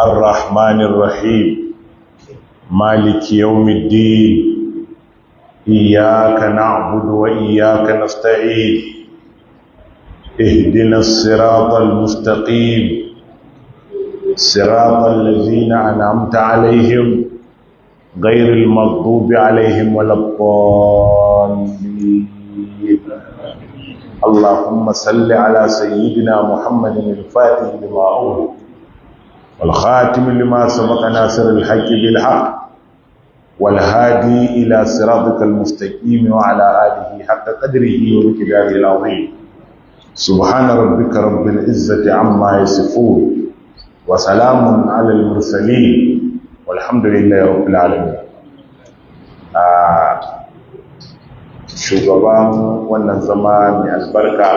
الرحمن الرحيم مالك يوم الدين إياك نعبد وإياك نستعين اهدنا الصراط المستقيم صراط الذين أنعمت عليهم غير المغضوب عليهم ولا الضالين اللهم صل على سيدنا محمد الفاتح لما أولد والخاتم لما سبق ناصر الحق بالحق والهادي إلى صراطك المستقيم وعلى آله حق قدره ومقداره العظيم سبحان ربك رب العزة عما يصفون وسلام على المرسلين والحمد لله رب العالمين shugaban wannan zama mai albarka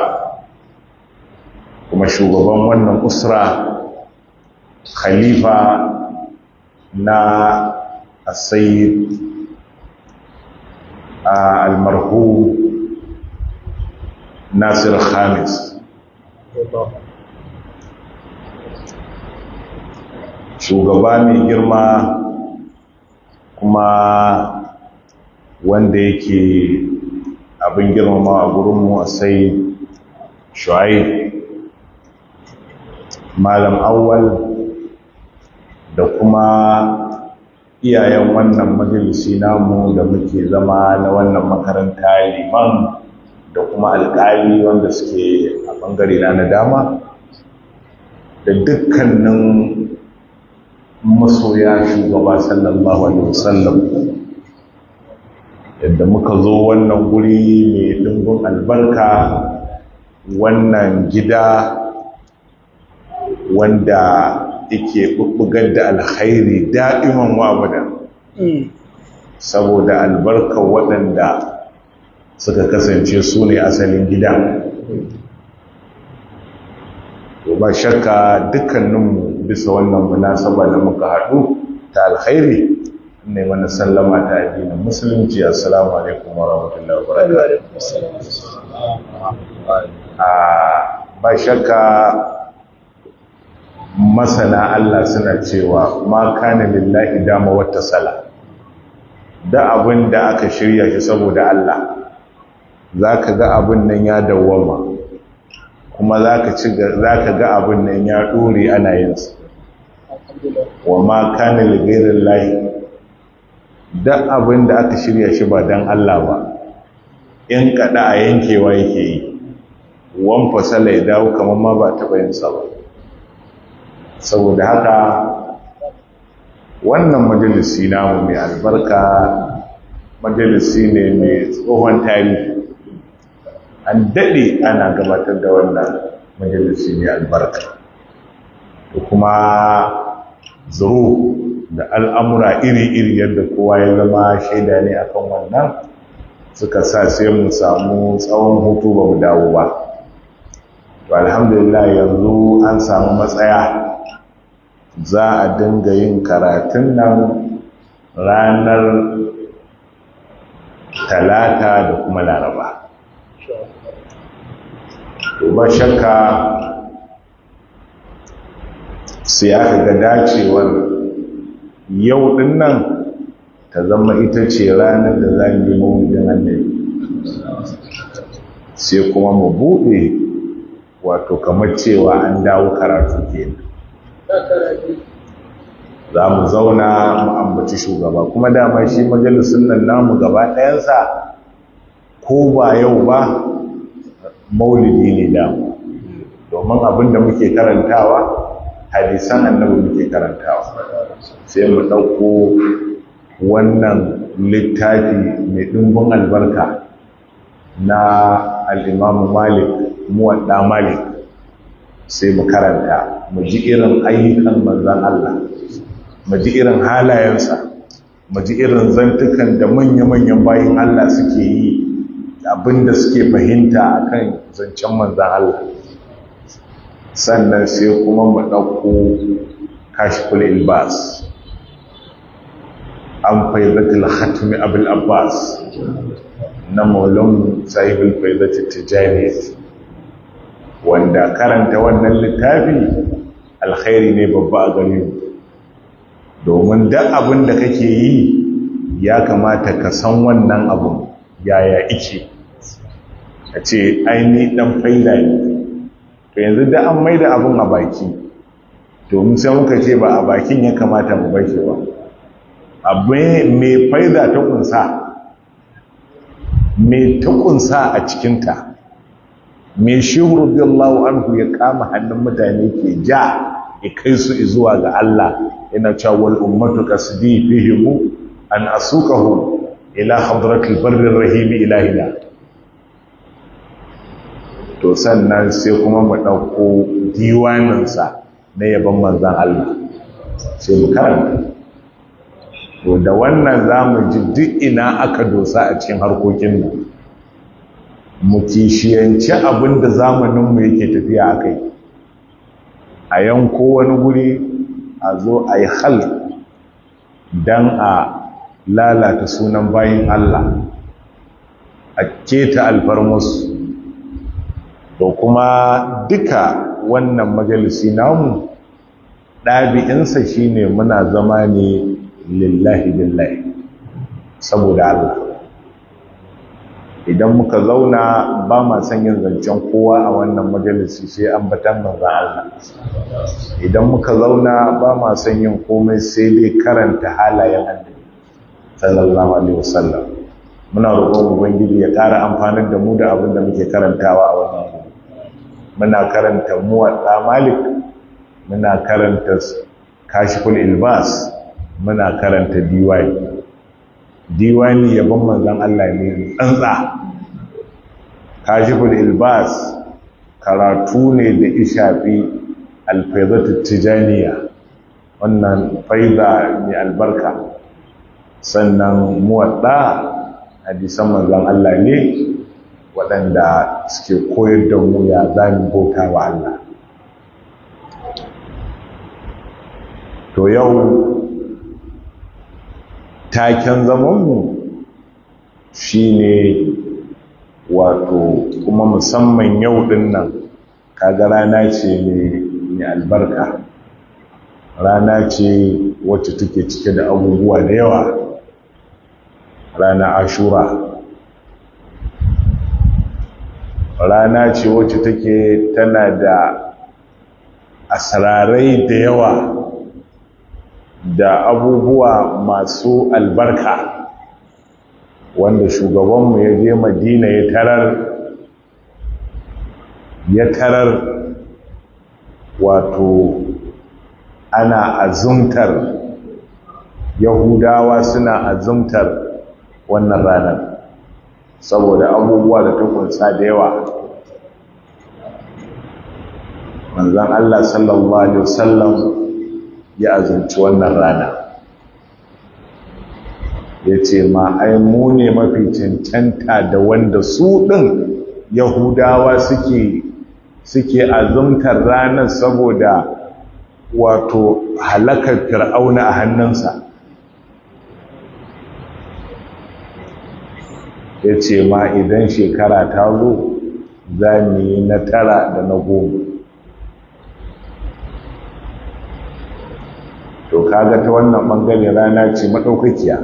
kuma shugaban wannan usra khalifa na asayid almarhu nasir khamis shugaba mai girma kuma wanda yake abin girmama a gurinmu a sai malam awwal da kuma iyayen wannan majalisi namu da muke zama na wannan makaranta liman da kuma alƙali wanda suke a ɓangare na na dama da dukkanin masoya shugaba sallallahu alaihi wasallam yadda muka zo wannan guri mai ɗimbin albarka wannan gida wanda yake ɓuɓɓugar da alkhairi da'iman wa abadan hmm. saboda albarkar waɗanda suka kasance su ne asalin gida to ba shakka dukkaninmu bisa wannan munasaba da muka haɗu ta alkhairi ne mana sallama ta addinin musulunci assalamu alaikum wa rahmatullahi wa barakatuh ah, ba shakka masana Allah suna cewa ma kana lillahi dama wata sala da abin da aka shirya shi saboda Allah za ka ga abin nan ya dawwama kuma za ka ga abin nan ya ɗore ana yinsa wa ma kana lillahi da abin da aka shirya shi ba don Allah ba in kada a yankewa yake yi wan fasala ya dawo kamar ma ba taɓa yinsa ba saboda haka wannan majalisi namu mai albarka majalisi ne mai tsohon tarihi an daɗe ana gabatar da wannan majalisi mai albarka da kuma zuru da al'amura iri-iri yadda kowa ya zama shaida ne akan wannan suka sa sai mu samu tsawon hutu ba mu dawo ba to alhamdulillah yanzu an samu matsaya za a dinga yin karatun nan ranar talata da kuma laraba ba shakka sai aka ga dacewar yau din ta zama ita ce ranar da za mu yi mawujin annabi sai kuma mu buɗe wato kamar cewa an dawo karatu kenan za mu zauna mu ambaci shugaba kuma dama shi majalisun nan namu gaba ɗayansa ko ba yau ba maulidi ne damu, domin abin da muke karantawa hadisan annabi muke karantawa sai mu ɗauko wannan littafi mai ɗumbin albarka na al'imamu malik muwadda malik sai mu karanta mu irin ayyukan manzan Allah mu irin halayensa mu irin zantukan da manya-manyan bayan Allah suke yi abinda suke fahimta akan zancen manzan Allah sannan sai kuma mu ɗauko ilbas an faizatul hatimi abul abbas na maulon sahibin faizatul tijani wanda karanta wannan littafi alkhairi ne babba a gare mu domin duk abin da kake yi ya kamata ka san wannan abun yaya ike a ce aini dan faida ne to yanzu da an maida abun a baki domin sai muka ce ba a bakin ya kamata mu baki ba abin mai faida ta kunsa mai ta kunsa a cikinta mai shehu radiyallahu anhu ya kama hannun mutane ke ja kai su zuwa ga Allah ina cewa wal ummatu qasdi fihim an asukahu ila hadratil barri rahimi ilahina to sannan sai kuma mu dauko sa na yaban manzon Allah sai mu karanta to da wannan zamu ji duk ina aka dosa a cikin harkokin mu mu kishiyance abinda mu yake tafiya akai a yanko wani guri a zo a yi hal don a lalata sunan bayan Allah a keta alfarmus to kuma duka wannan majalisi namu ɗabi'insa shine muna zama ne lillahi lillahi, saboda Allah idan muka zauna ba ma son yin zancen kowa a wannan majalisi sai an batan manzan Allah idan muka zauna ba ma son yin komai sai dai karanta halayen annabi sallallahu alaihi wasallam muna roƙon ubangiji ya ƙara amfanar da mu da abin da muke karantawa a wannan muna karanta muwaɗa malik muna karanta kashiful ilbas muna karanta diwai diwani yabon manzan Allah ne tsantsa kashiful ilbas karatu ne da ishafi alfaizatu tijaniya wannan faida mai albarka sannan muwadda hadisan manzan Allah ne waɗanda suke koyar da mu ya zani bauta wa Allah to yau taken zamanmu shi ne wato kuma musamman yau ɗin nan kaga rana ce mai albarka rana ce wacce take cike da abubuwa da yawa rana ashura rana ce wacce take tana da asararai da yawa da abubuwa masu albarka wanda shugabanmu ya je madina ya tarar ya tarar wato ana azumtar yahudawa suna azumtar wannan ranar saboda abubuwa da ta kunsa da yawa manzan allah sallallahu alaihi wasallam ya azumci wannan rana ya ce ma ai mu ne mafi cancanta da wanda su ɗin yahudawa suke suke azumtar ranar saboda wato halakar fir'auna a hannunsa ya ce ma idan shekara ta zo za mu yi na tara da na goma kaga ta wannan bangare rana ce madaukakiya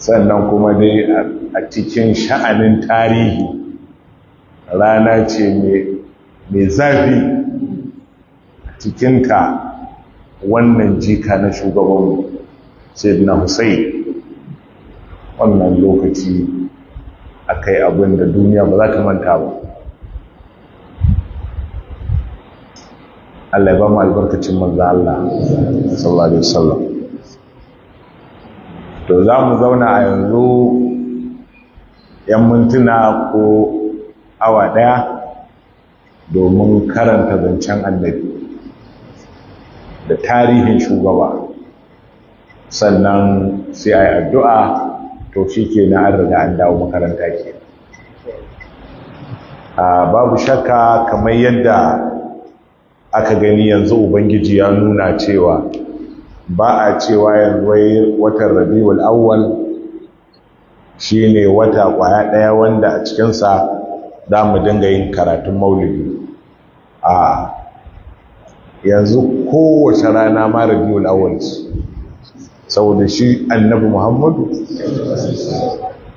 sannan kuma dai a cikin sha'anin tarihi rana ce mai zafi a cikinta wannan jika na shugabanmu sayyidina Hussein wannan lokaci akai abin da duniya ba za ta manta ba Allah ya ba mu albarkacin manzo Allah sallallahu alaihi wasallam to za mu zauna a yanzu yan mintuna ko awa daya domin karanta zancen annabi da tarihin shugaba sannan sai a yi addu'a to shi ke na an riga an dawo makaranta ke ah, babu shakka kamar yadda aka gani yanzu ubangiji ya nuna cewa ba a cewa yanzu watan rabiul awwal shine wata kwaya daya wanda a cikinsa za mu dinga yin karatun maulidi a yanzu kowace rana ma rabiul awwal saboda shi annabi muhammadu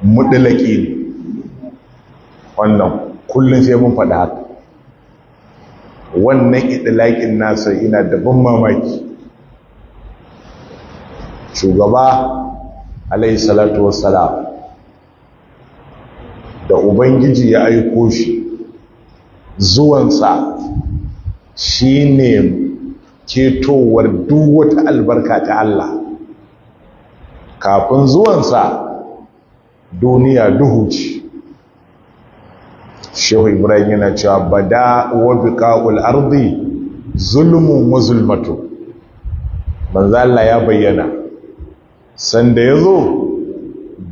mudalaki ne wannan kullum sai mun faɗa haka wannan idilakin nasa ina da ban mamaki shugaba alayhi salatu wassalam da ubangiji ya aiko shi zuwansa shi ne ketowar duk wata albarka ta Allah kafin zuwansa duniya duhu ce shehu ibrahim yana cewa bada wa biqa'ul ardi zulmu wa zulmatu manzo ya bayyana sanda ya zo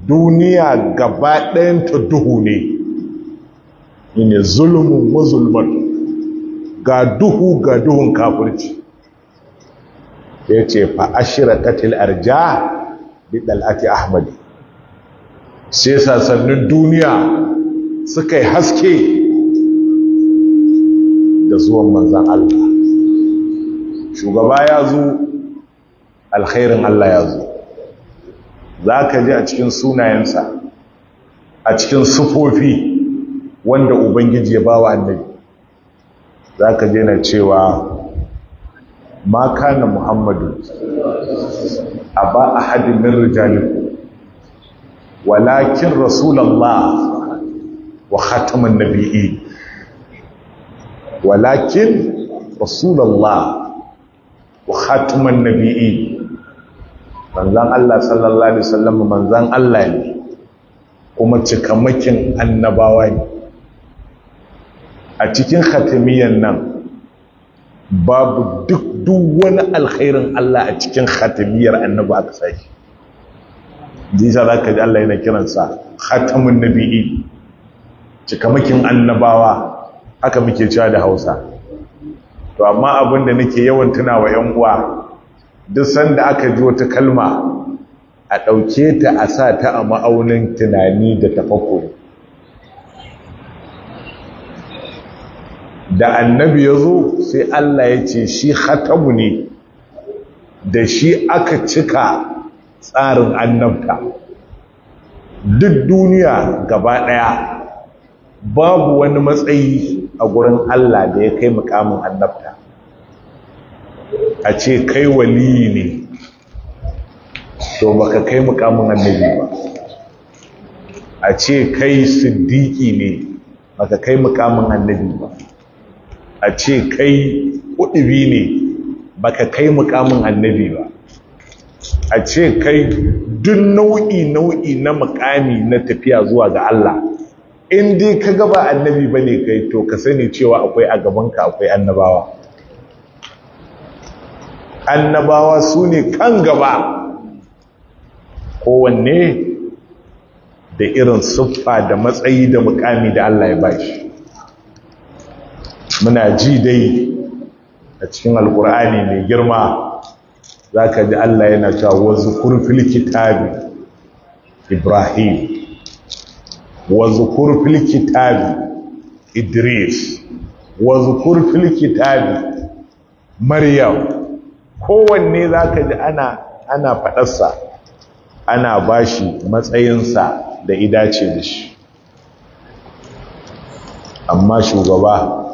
duniya gaba ɗayan ta duhu ne ne zulmu wa ga duhu ga duhun kafirci ce fa katil arja bi dal'ati ahmadi sai sasannin duniya suka yi haske da zuwan manzan Allah shugaba ya zo alkhairin Allah ya zo za ka ji a cikin sunayensa a cikin sufofi wanda ubangiji ya bawa annabi za ka ji na cewa maka na muhammadu a ba a hadin min walakin rasulallah wa khataman nabiyyi walakin rasulullah wa khataman nabiyyi manzan Allah sallallahu alaihi wasallam manzan Allah ne kuma cikamakin annabawa ne a cikin khatimiyan nan babu duk duk wani alkhairin Allah a cikin khatimiyar annabi aka sashi jisa za ka ji Allah yana kiransa khatamun nabi'i cikamakin annabawa aka muke cewa da hausa to amma abin da nake yawan tuna wa 'yan uwa duk sanda aka ji wata kalma a ɗauke ta a sa ta a ma'aunin tunani da tafakko da annabi ya zo sai Allah ya ce shi hatamu ne da shi aka cika tsarin annabta duk duniya gaba ɗaya babu wani matsayi a gurin Allah da ya kai mukamin annabta a ce kai waliyi ne to baka kai mukamin annabi ba a ce kai Siddiƙi ne baka kai mukamin annabi ba a ce kai kudubi ne baka kai mukamin annabi ba a ce kai duk nau'i nau'i na mukami na tafiya zuwa ga Allah in dai ka gaba annabi ba ne kai to ka sani cewa akwai a gabanka akwai annabawa annabawa su ne kan gaba kowanne da irin siffa da matsayi da mukami da Allah ya bashi muna ji dai a cikin alkur'ani mai girma za ka ji Allah yana cewa wasu kurfil kitabi ibrahim wa zukur kitabi idris wa zukur kitabi maryam kowanne zaka ji ana ana fadarsa ana bashi matsayinsa da idace da shi amma shugaba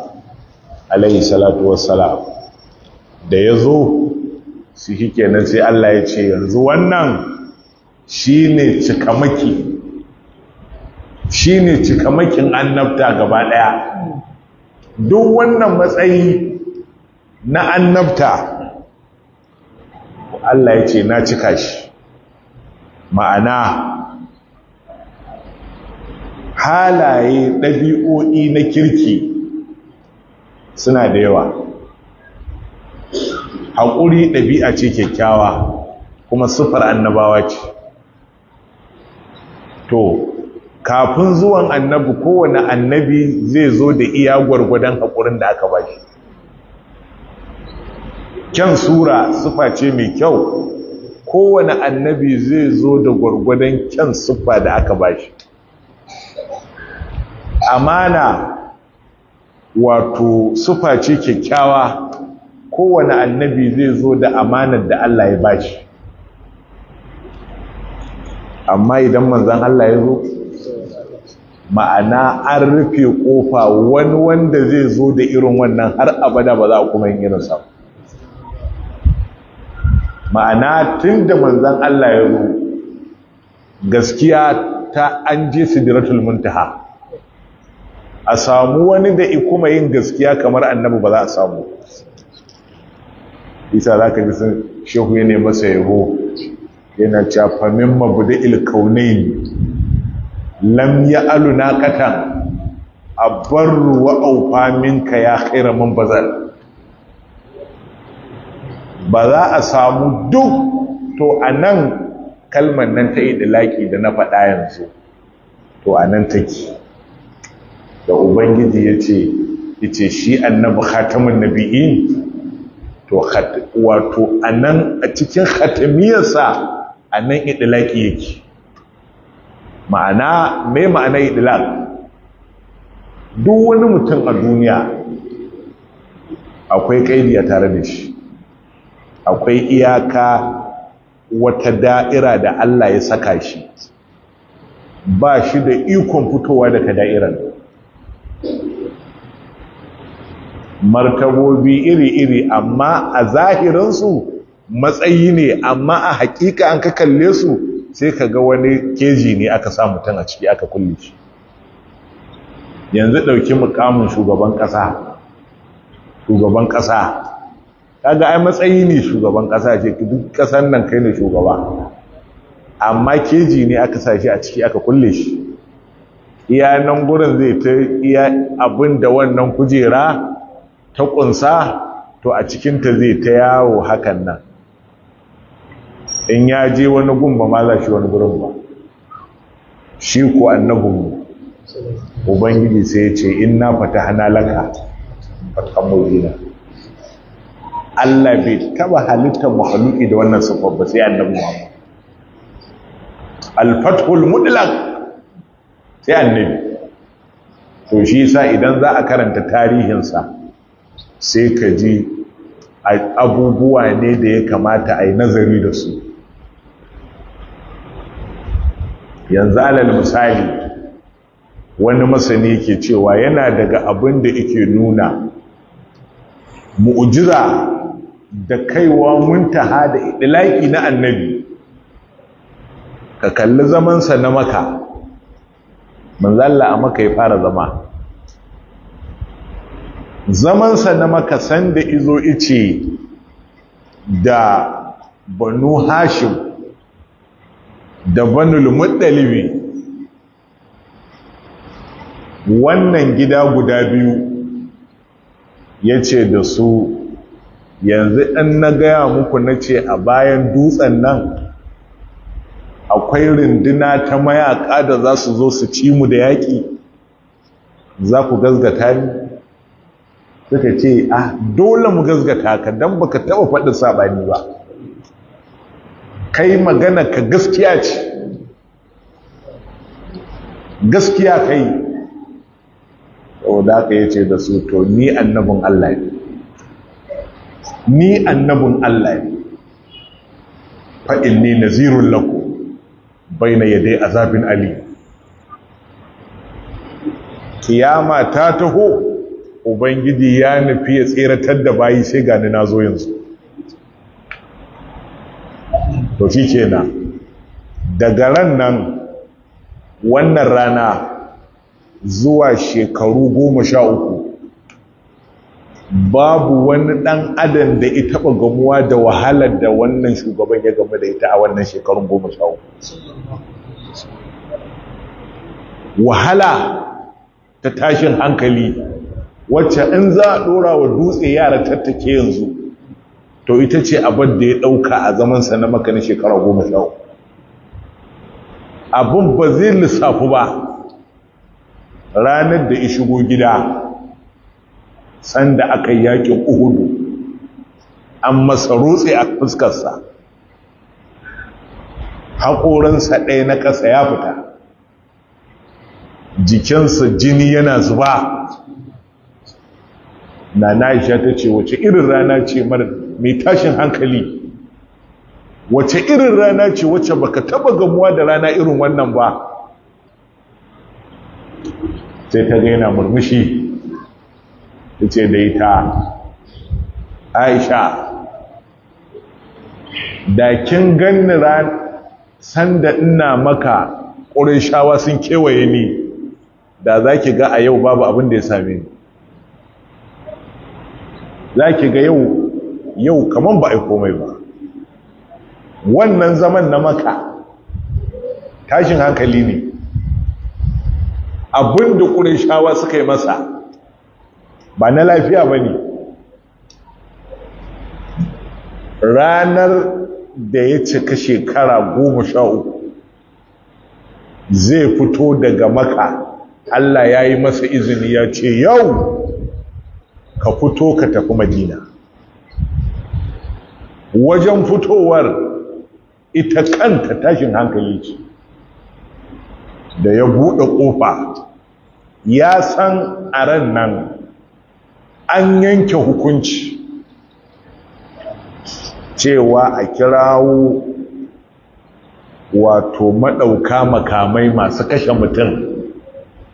alayhi salatu wassalam da yazo su kenan sai Allah ya ce yanzu wannan shi ne cikamaki Shi ne cikamakin annabta gaba ɗaya duk wannan matsayi na annabta Allah ya ce na cika shi ma'ana halaye ɗabi'o'i na kirki suna da yawa haƙuri ɗabi'a ce kyakkyawa kuma siffar annabawa ce to kafin zuwan annabi kowane annabi zai zo da iya gwargwadon haƙurin da aka bashi kyan sura sufa ce mai kyau kowane annabi zai zo da gwargwadon kyan sufa da aka bashi amana wato sufa ce kyakkyawa kowane annabi zai zo da amanar da Allah ya bashi amma idan manzan Allah ya zo ma'ana an rufe kofa wani wanda zai zo da irin wannan har abada ba za a kuma yin irinsa ma'ana tun da manzan Allah ya zo gaskiya ta an je sidratul muntaha a samu wani da kuma yin gaskiya kamar annabi ba za a samu isa za ka ji sun shehu ya ne masa yabo yana cafamin mabuda ilkaunai lam ya aluna na katan a wa aufa ya kaira man bazal ba za a samu duk to a nan kalmar nan ta yi dalaki da na faɗa yanzu to a nan take da ubangiji ya ce yace shi annabi khatamun nabi'in to wato a nan a cikin khatamiyarsa a nan idilaki yake ma'ana mai ma'ana idlaq duk wani mutum a duniya akwai ƙaidi a tare da shi akwai iyaka wata da'ira da Allah ya saka shi ba shi da ikon fitowa daga da'irar martabobi iri-iri amma a zahirinsu matsayi ne amma a hakika an ka kalle su sai ka ga wani keji ne aka sa mutum a ciki aka kulle shi yanzu ɗauki mukamin shugaban ƙasa shugaban ƙasa kaga ai matsayi ne shugaban ƙasa ce duk ƙasan nan kai ne shugaba amma keji ne aka sa shi a ciki aka kulle shi iya nan gurin zai ta iya abin da wannan kujera ta ƙunsa to a cikinta zai ta yawo hakan nan in ya je wani gumba ma za shi wani gurin ba shi ku annabin ubangiji sai in na fata hana laka fatan mubina Allah bai taba halitta mahaluki da wannan sifar ba sai annabi Muhammad al-fathul mutlaq sai annabi to shi sa idan za a karanta tarihinsa sai ka ji abubuwa ne da ya kamata a yi nazari da su yanzu alal misali wani masani ke cewa yana daga abin da yake nuna mu'ujiza da kaiwa muntaha da idlaki na annabi ka kalli zamansa na maka manzalla a maka ya fara zama zamansa na maka sanda izo ice da banu hashim da banul muddalibi wannan gida guda biyu ya ce da su yanzu in na gaya muku na ce a bayan dutsen nan akwai rinduna ta mayaka da za su zo su ci mu da yaƙi za ku gazgata ni suka ce ah dole mu gazgata ka don baka taɓa faɗin saɓani ba kai magana ka gaskiya ce gaskiya kai da aka yace da su to ni annabin Allah ne ni annabin Allah ne fa inni nazirun na baina yaday azabin ali kiyama ta taho ubangiji ya nufi ya tseratar da bayi sai gani nazo yanzu to shi kenan daga ran nan wannan rana zuwa shekaru goma sha uku babu wani ɗan adam da ya taɓa gamuwa da wahalar da wannan shugaban ya gamu da ita a wannan shekarun goma sha uku wahala ta tashin hankali wacce in za a ɗora wa dutse yara tattake yanzu to ita ce abin da ya ɗauka a zamansa na maka na shekara goma sha Abun ba zai lissafi ba ranar da ya shigo gida sanda aka yaƙi uhudu an masa rutse a fuskarsa haƙorinsa ɗaya na ƙasa ya fita jikinsa jini yana zuba na na isha ta ce wace irin rana ce mara mai tashin hankali wace irin rana ce wace baka taba gamuwa da rana irin wannan ba sai ta gaina murmushi ta ce da ita aisha da kin ganni ran sanda ina maka ƙurin shawa sun kewaye ni da za ga a yau babu abin da ya same ni za ga yau yau kaman ba a komai ba wannan zaman na maka tashin hankali ne abin da shawa suka yi masa ba na lafiya ba ne ranar da ya cika shekara goma sha uku zai fito daga maka Allah ya yi masa izini ya ce yau ka fito ka tafi madina wajen fitowar ita kanta tashin hankali ce da ya buɗe ƙofa ya san a ran nan an yanke hukunci cewa a kirawo wato maɗauka makamai masu kashe mutum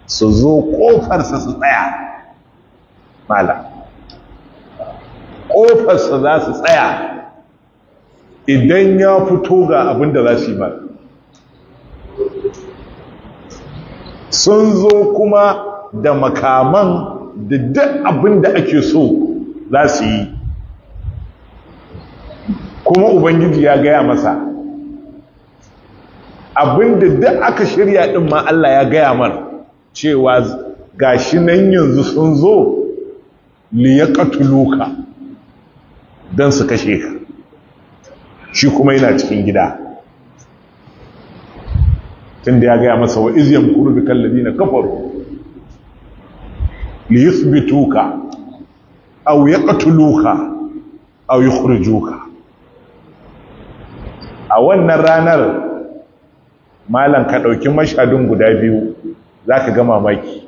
su zo ƙofarsa su tsaya mala ƙofarsa za su tsaya idan ya fito ga abin da za su yi ba sun zo kuma da makaman da duk abin da ake so za su yi kuma ubangiji ya gaya masa abin da duk aka shirya din ma Allah ya gaya mar cewa ga shi nan yanzu sun zo liyaqatuluka dan su kashe ka shi kuma yana cikin gida tunda ya gaya masa wa izyan kuru bi kallabi na kafaru li ka au yi kurju ka. a wannan ranar malam ka ɗauki mashadun guda biyu za ka ga mamaki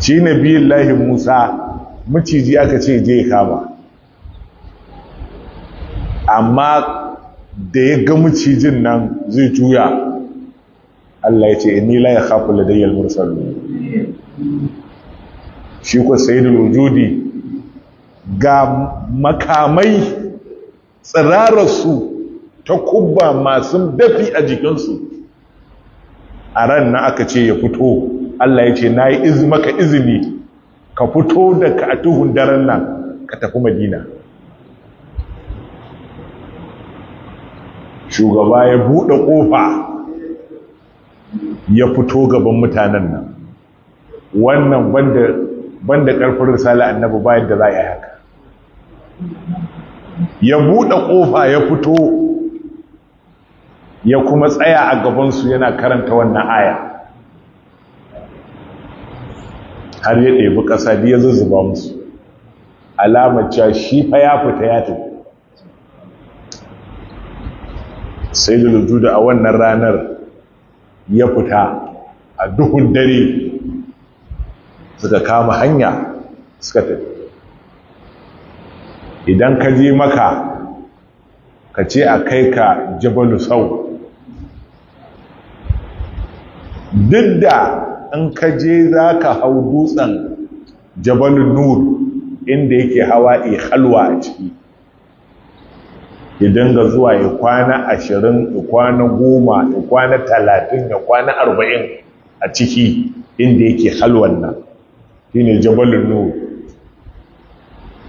shi na biyun lahin musa maciji aka ce je kama amma da ya ga macijin nan zai juya Allah ya ce inni la khafu ladayyal mursalun shi ko sayyidul wujudi ga makamai su ta kubba masu dafi a jikinsu a ran na aka ce ya fito Allah ya ce na yi maka izini ka fito da ka a tuhun daren nan ka tafi madina shugaba ya buɗe ƙofa ya fito gaban mutanen nan wannan banda ƙarfin risala annabi bayan da za a yi haka ya buɗe ƙofa ya fito ya kuma tsaya a gabansu yana karanta wannan aya har ya ɗebi ƙasa ya zuzzuba musu alamar shi fa ya fita ya tafi sai da juda a wannan ranar ya fita a duhun dare suka kama hanya suka tafi idan ka je maka ka ce a kai ka jabalu sau duk da in ka je za ka hau dutsen jabalu nur inda yake hawa eh, halwa a ciki ya dinga zuwa ya kwana ashirin ya kwana goma ya kwana talatin ya kwana arba'in a ciki inda yake halwan nan shi ne jabalin nur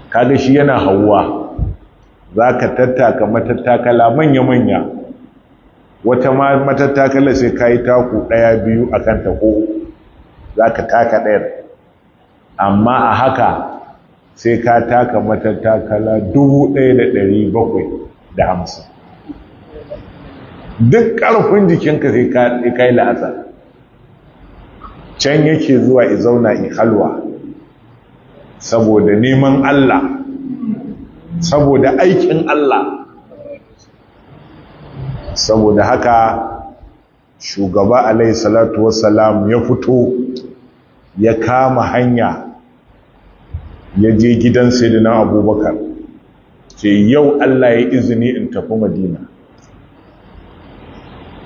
kaga shi yana hauwa za ka tattaka matattakala manya-manya wata matattakala sai ka yi taku ɗaya biyu a kan tako za ka taka ɗayar amma a haka sai ka taka matattakala dubu ɗaya da ɗari bakwai da hamsin duk ƙarfin jikinka sai ka yi can yake zuwa i zauna i halwa saboda neman Allah saboda aikin Allah saboda haka shugaba alaihi salatu wassalam ya fito ya kama hanya ya je gidan na abubakar ce yau Allah ya izini in tafi madina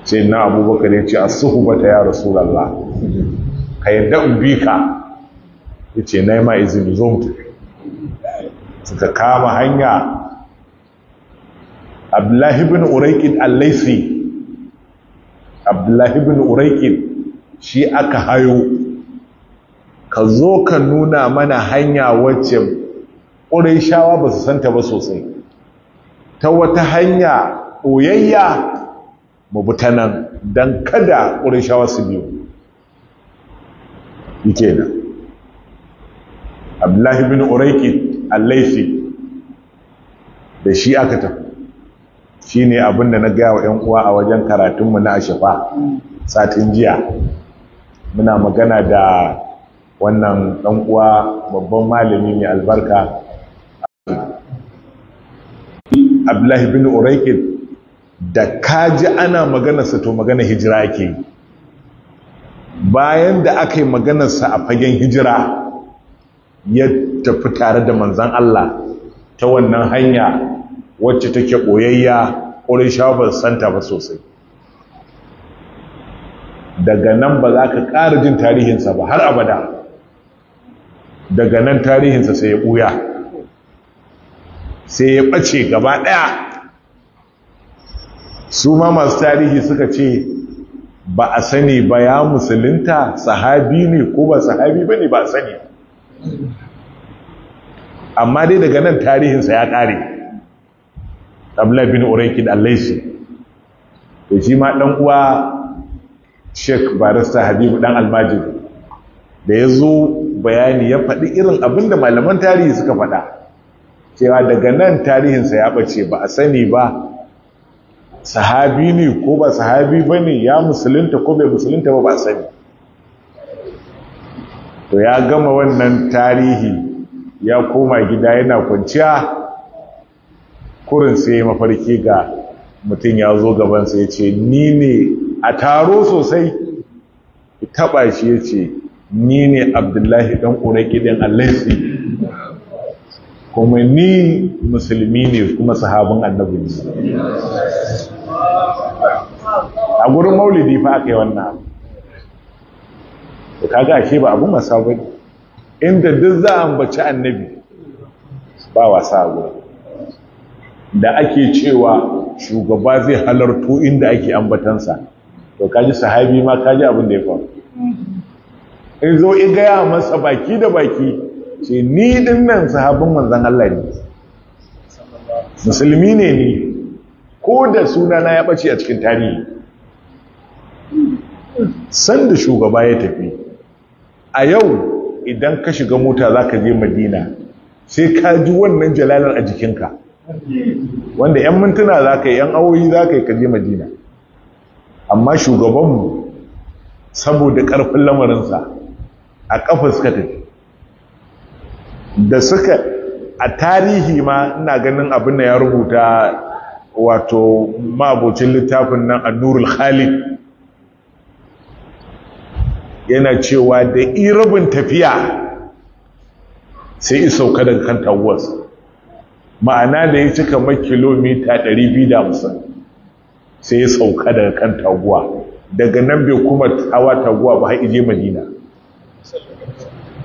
ce na abubakar ya ce a suhubata ya rasulallah ka yadda in bi ka ya ce na yi ma izini zo mu tafi suka kama hanya abdullahi bin uraikin allaisi abdullahi bin uraikin shi aka hayo ka zo ka nuna mana hanya wacce ƙurai shawa ba su santa ba sosai ta wata hanya ɓoyayya mabuta nan don kada ƙurai shawa su biyu yake nan abdullahi bin uraiki allaifi da shi aka tafi shi ne abinda na gaya wa 'yan uwa a wajen karatunmu na ashifa satin jiya muna magana da wannan ɗan uwa babban malami mai albarka abdullahi bin uraikin da kaji ana maganarsa to maganar hijira yake, bayan da aka yi maganarsa a fagen hijira ya tafi tare da manzan Allah ta wannan hanya wacce take ɓoyayya ƙorin shawabar santa ba sosai daga nan ba za ka ƙara jin tarihinsa ba har abada daga nan tarihinsa sai ya ɓuya sai ya ɓace gaba ɗaya su ma masu tarihi suka ce ba a sani ba ya musulunta sahabi ne ko ba sahabi ba ne ba a sani amma dai daga nan tarihinsa ya ƙare abdullahi bin da allaisi da shi ma ɗan uwa sheik barista habibu ɗan almajin da ya zo bayani ya faɗi irin abinda malaman tarihi suka faɗa cewa daga nan tarihinsa ya bace ba a sani ba sahabi ne ko ba sahabi ba ne ya musulunta ko bai musulunta ba ba sani to ya gama wannan tarihi ya koma gida yana kwanciya kurin sai mafarki ga mutum ya zo gabansa ya ce ni ne a taro sosai taɓa shi ya ce ni ne abdullahi ɗan ƙuraƙi ɗin allaisi kuma ni musulmi ne kuma sahabin annabi ne a gurin maulidi fa aka yi wannan abu kaga ashe ba abu masa inda duk za a ambaci annabi ba wasa a gurin da ake cewa shugaba zai halarto inda ake ambatansa to kaji sahabi ma kaji abin da ya faru in zo in gaya masa baki da baki ce ni din nan sahabin manzan Allah ne musulmi ne ni ko da sunana ya ɓace a cikin tarihi sanda shugaba ya tafi a yau idan ka shiga mota za ka je madina sai ka ji wannan jalalar a jikinka wanda 'yan mintuna za ka yi 'yan awoyi za ka yi ka je madina amma shugabanmu saboda ƙarfin lamarinsa a ƙafa suka tafi da suka a tarihi ma ina ganin abin da ya rubuta wato mabocin littafin nan a nurul khalid yana cewa da irabin tafiya sai isauka daga kan taguwas ma'ana da ya cika mai kilomita 250 sai ya sauka daga kan taguwa daga nan bai kuma hawa taguwa ba har ije madina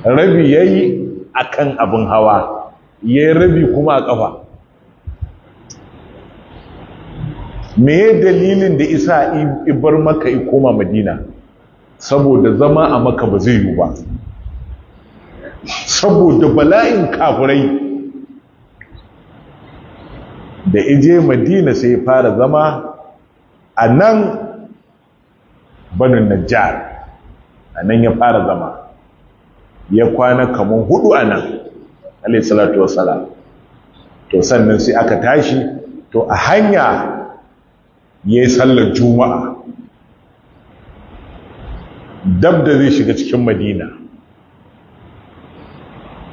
rabi ya yi akan abin hawa ya rabi kuma a ƙafa me dalilin da isa ibar maka i koma madina saboda zama a maka ba zai yi ba saboda bala'in kafurai da ije madina sai fara zama a nan banin najjar a nan ya fara zama ya kwana kamar hudu a nan alaihi salatu wassalam to sannan sai aka tashi to a hanya ya yi sallar juma'a dab da zai shiga cikin madina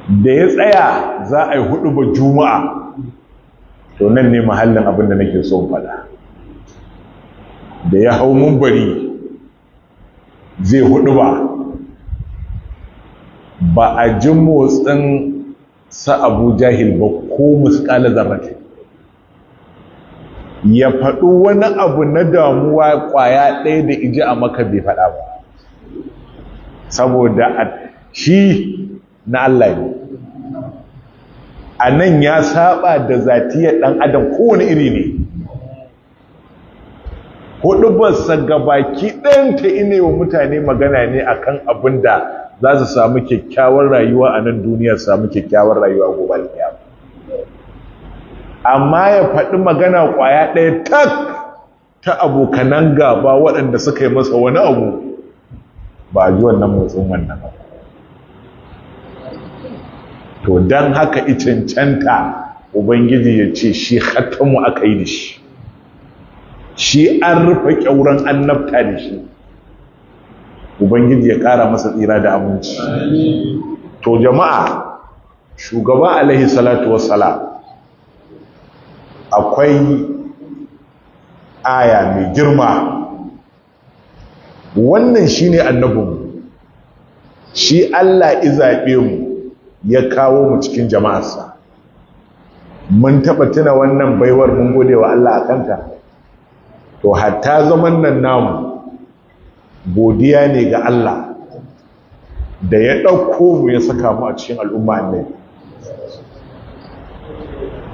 da ya tsaya za a yi hudu ba juma'a to nan ne mahallin da nake son fada da ya hau mumbari zai hudu ba ba a ji motsin sa abu jahil ba ko muskala zarrate ya faɗi wani abu na damuwa ƙwaya ɗaya da iji a maka bai faɗa ba saboda shi na Allah ne a nan ya saba da zatiyar ɗan adam kowane iri ne hudu basa gabaki ɗan ta wa mutane magana ne akan abin da za su samu kyakkyawar rayuwa a nan duniya samu kyakkyawar rayuwa gobe kiyama amma ya faɗi magana ƙwaya ɗaya tak ta abokanan gaba waɗanda suka yi masa wani abu ba a ji wannan motsin wannan abu to don haka i cancanta ubangiji ya ce shi mu aka yi da shi shi an rufe ƙyauren annabta da shi ubangiji ya ƙara masa tsira da aminci to jama'a shugaba alaihi salatu wassala akwai aya mai girma wannan shine annabinmu shi Allah izaɓe mu ya kawo mu cikin jama'arsa mun taɓa tuna wannan baiwar mun gode wa Allah a kanta to hatta zaman nan namu godiya ne ga Allah da ya ɗauko mu ya saka mu a cikin al'umma annabi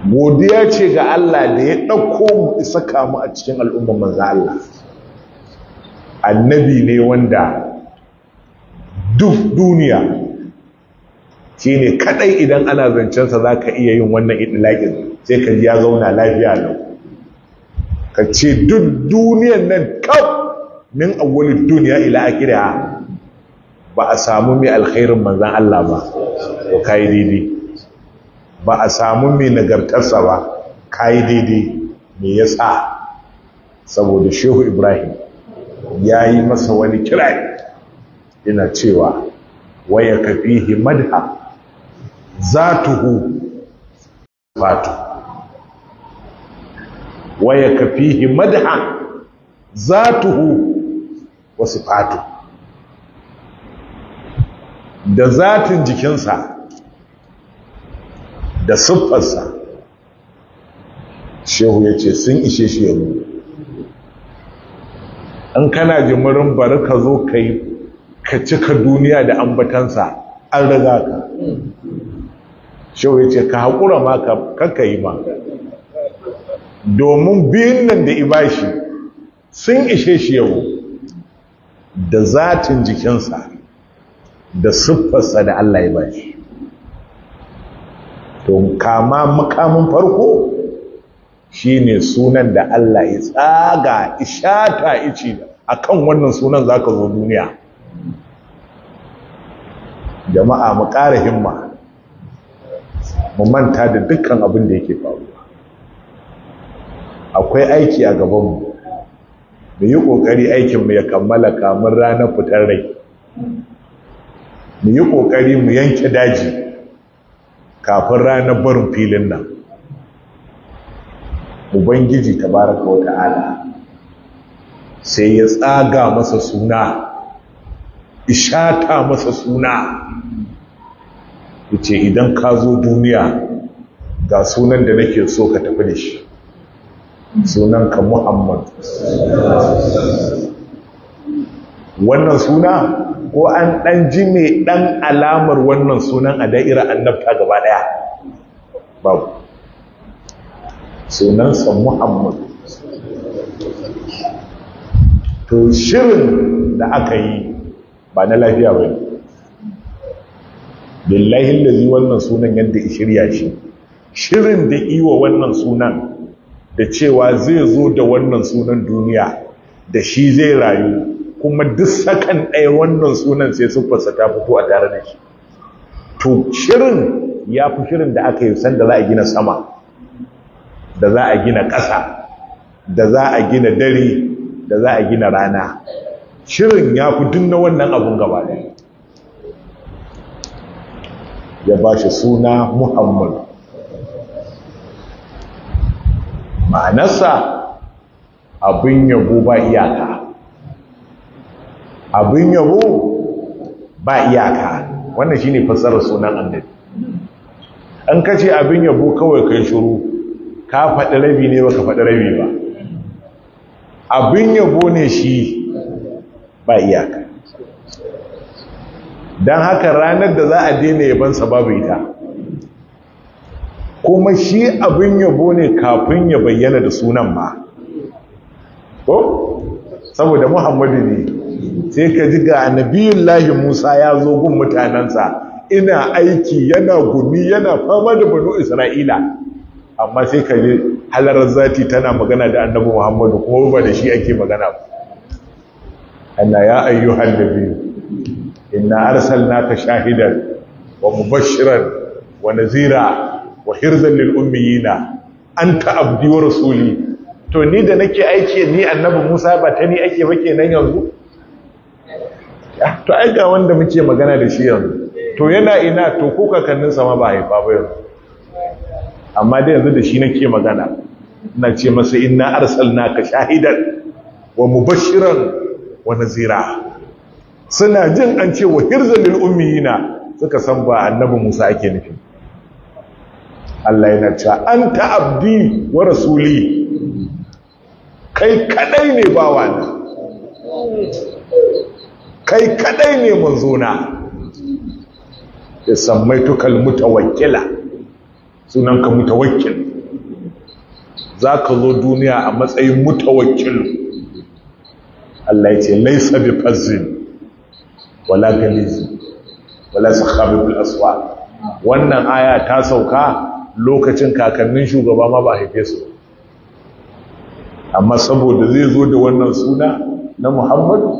godiya ce ga Allah da ya ɗauko mu ya saka mu a cikin al'umma manzo Allah annabi ne wanda duk duniya ke ne kadai idan ana zancensa za ka iya yin wannan idilakin sai ka ji ya zauna lafiya lau ka ce duk duniyan nan kaf min awwalid dunya ila akhirah ba a samu mai alkhairin manzan Allah ba ko kai daidai ba a samu mai nagartarsa ba kai daidai me yasa saboda shehu Ibrahim yayi masa wani kira ina cewa waya kafihi madha zatuhu fatu waya kafihi madha zatuhu Wasu fatu da zatin jikinsa da siffarsa shehu ya ce sun ishe shi yanzu an kana jimirin bari ka zo ka yi ka cika duniya da ambatansa an riga ka shehu ya ce ka haƙura ma kakka yi ma domin biyun nan da ibashi sun ishe shi yau da zatin jikinsa da siffarsa da Allah ya bashi to kama makamin farko shine sunan da Allah ya tsaga ishata a akan wannan sunan zaka zo duniya jama'a mu ƙara himma mu manta da dukkan abin da yake faruwa akwai aiki a gabanmu mu yi ƙoƙari aikinmu ya kammala kamun ranar fitar rai mu yi ƙoƙari mu yanke daji kafin ranar barin filin nan ubangiji tabaraka wa ta'ala sai ya tsaga masa suna ishata masa suna ce idan ka zo duniya ga sunan da nake so ka tafi da shi sunanka muhammad wannan suna ko an ɗan ji mai ɗan alamar wannan sunan a da'ira annabta gaba ɗaya babu sunansa muhammad to shirin da aka yi ba na lafiya ba ne billahi da wannan sunan yadda shirya shi shirin da iwa wannan sunan da cewa zai zo da wannan sunan duniya da shi zai rayu kuma duk sakan ɗaya wannan sunan sai fasa ta fito a tare da shi to shirin ya fi shirin da aka yi san da za a gina sama da za a gina ƙasa da za a gina dare da za a gina rana shirin ya fi dinna wannan abun gaba da ya ba shi suna muhammadu ma'anarsa abin yabo ba iyaka abin yabo ba iyaka wannan shine fassarar sunan annabi an kace abin yabo kawai kai shiru ka faɗi rabi ne baka faɗi rabi ba abin yabo ne shi ba iyaka don haka ranar da za a daina yabansa babu ita kuma shi abin yabo ne kafin ya bayyana da sunan ma ko saboda muhammadu ne sai ka ji ga nabiyun lahi musa ya zo gun mutanensa ina aiki yana gumi yana fama da bano isra'ila amma sai ka ji halarar zati tana magana da annabi muhammadu kuma ba da shi ake magana ba ana ya ayyuhan nabi inna arsalnaka shahidan wa mubashiran wa nazira wa hirzan lil ummiyina anta abdi wa rasuli to ni da nake aiki ni annabi Musa ba ta ni ake ba kenan yanzu to ai ga wanda muke magana da shi yanzu to yana ina to ko kakannin sa ma ba haifa ba yanzu amma dai yanzu da shi nake magana ina ce masa inna arsalnaka shahidan wa mubashiran wa nazira suna jin an ce wa hirzan lil ummiyina suka san ba annabi Musa ake nufi Allah yana cewa an ta'abdi wa rasuli kai kadai ne bawa na kai kadai ne manzona ya sammai tukal mutawakkila sunanka mutawakkil za ka zo duniya a matsayin mutawakkil Allah ya ce laisa bi fazil wala galiz wala sahabul aswa wannan aya ta sauka lokacin kakannin shugaba ma ba haife su amma saboda zai zo da wannan suna na muhammadu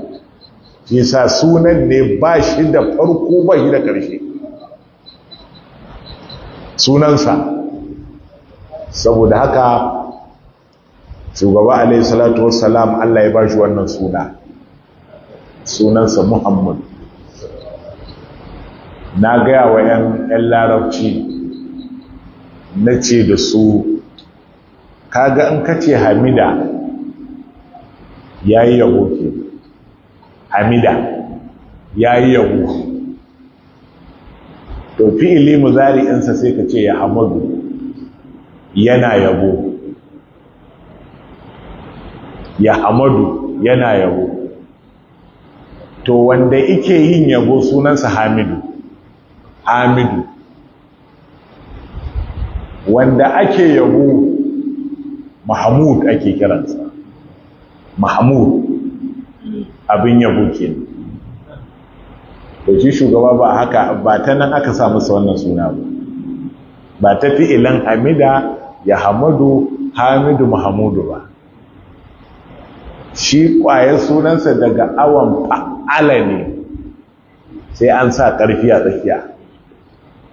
sa sunan ne ba shi da farko ba shi da ƙarshe sunansa saboda haka shugaba alai salatu wassalam Allah ya ba shi wannan suna sunansa muhammadu na gaya wa 'yan larabci Nace da su kaga in kace ce hamida ya yi yabo ke hamida ya yi yabo to fi'ili muzari'insa sai ka ce ya hamadu yana yabo ya hamadu yana yabo to wanda ike yin yabo sunansa hamidu hamidu wanda ake yabo mahmud ake kiransa mahmud abin yabo ke to shi shugaba ba haka ba ta nan aka sa wannan suna ba ba ta fi'ilan hamida ya hamadu hamidu mahamudu ba shi ƙwayar sunansa daga awon fa'ala ne sai an sa ƙarfi a tsakiya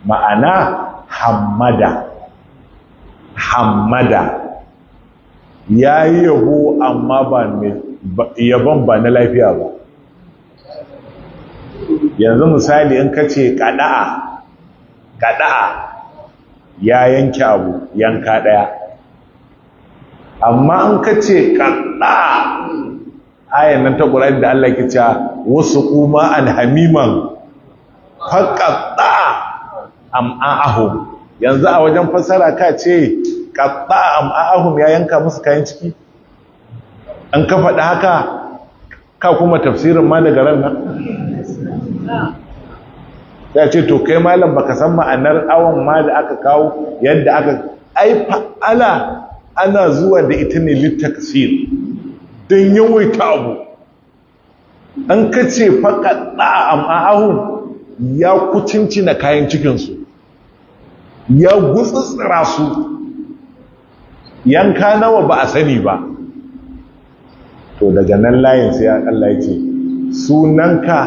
ma'ana hamada hamada ya yi yabo amma ba yabon ba na lafiya ba yanzu misali in ka ce kada'a kada'a ya yanke abu yanka daya amma in ka ce kada'a ayan nan ta ƙura'in da Allah ke cewa wasu kuma alhamiman faƙaɗa aho. yanzu a wajen fasara ka ce qatta'am ahum ya yanka musu kayan ciki an ka faɗa haka ka kuma tafsirin ma daga ran nan ya ce to kai malam baka san ma'anar awon ma da aka kawo yadda aka ai fa'ala ana zuwa da ita ne dan don yawaita abu an ka ce faƙaɗa am'ahun ya kucinci na kayan cikinsu ya gutsutsura su yanka nawa ba a sani ba to daga nan layin sai Allah ya ce sunanka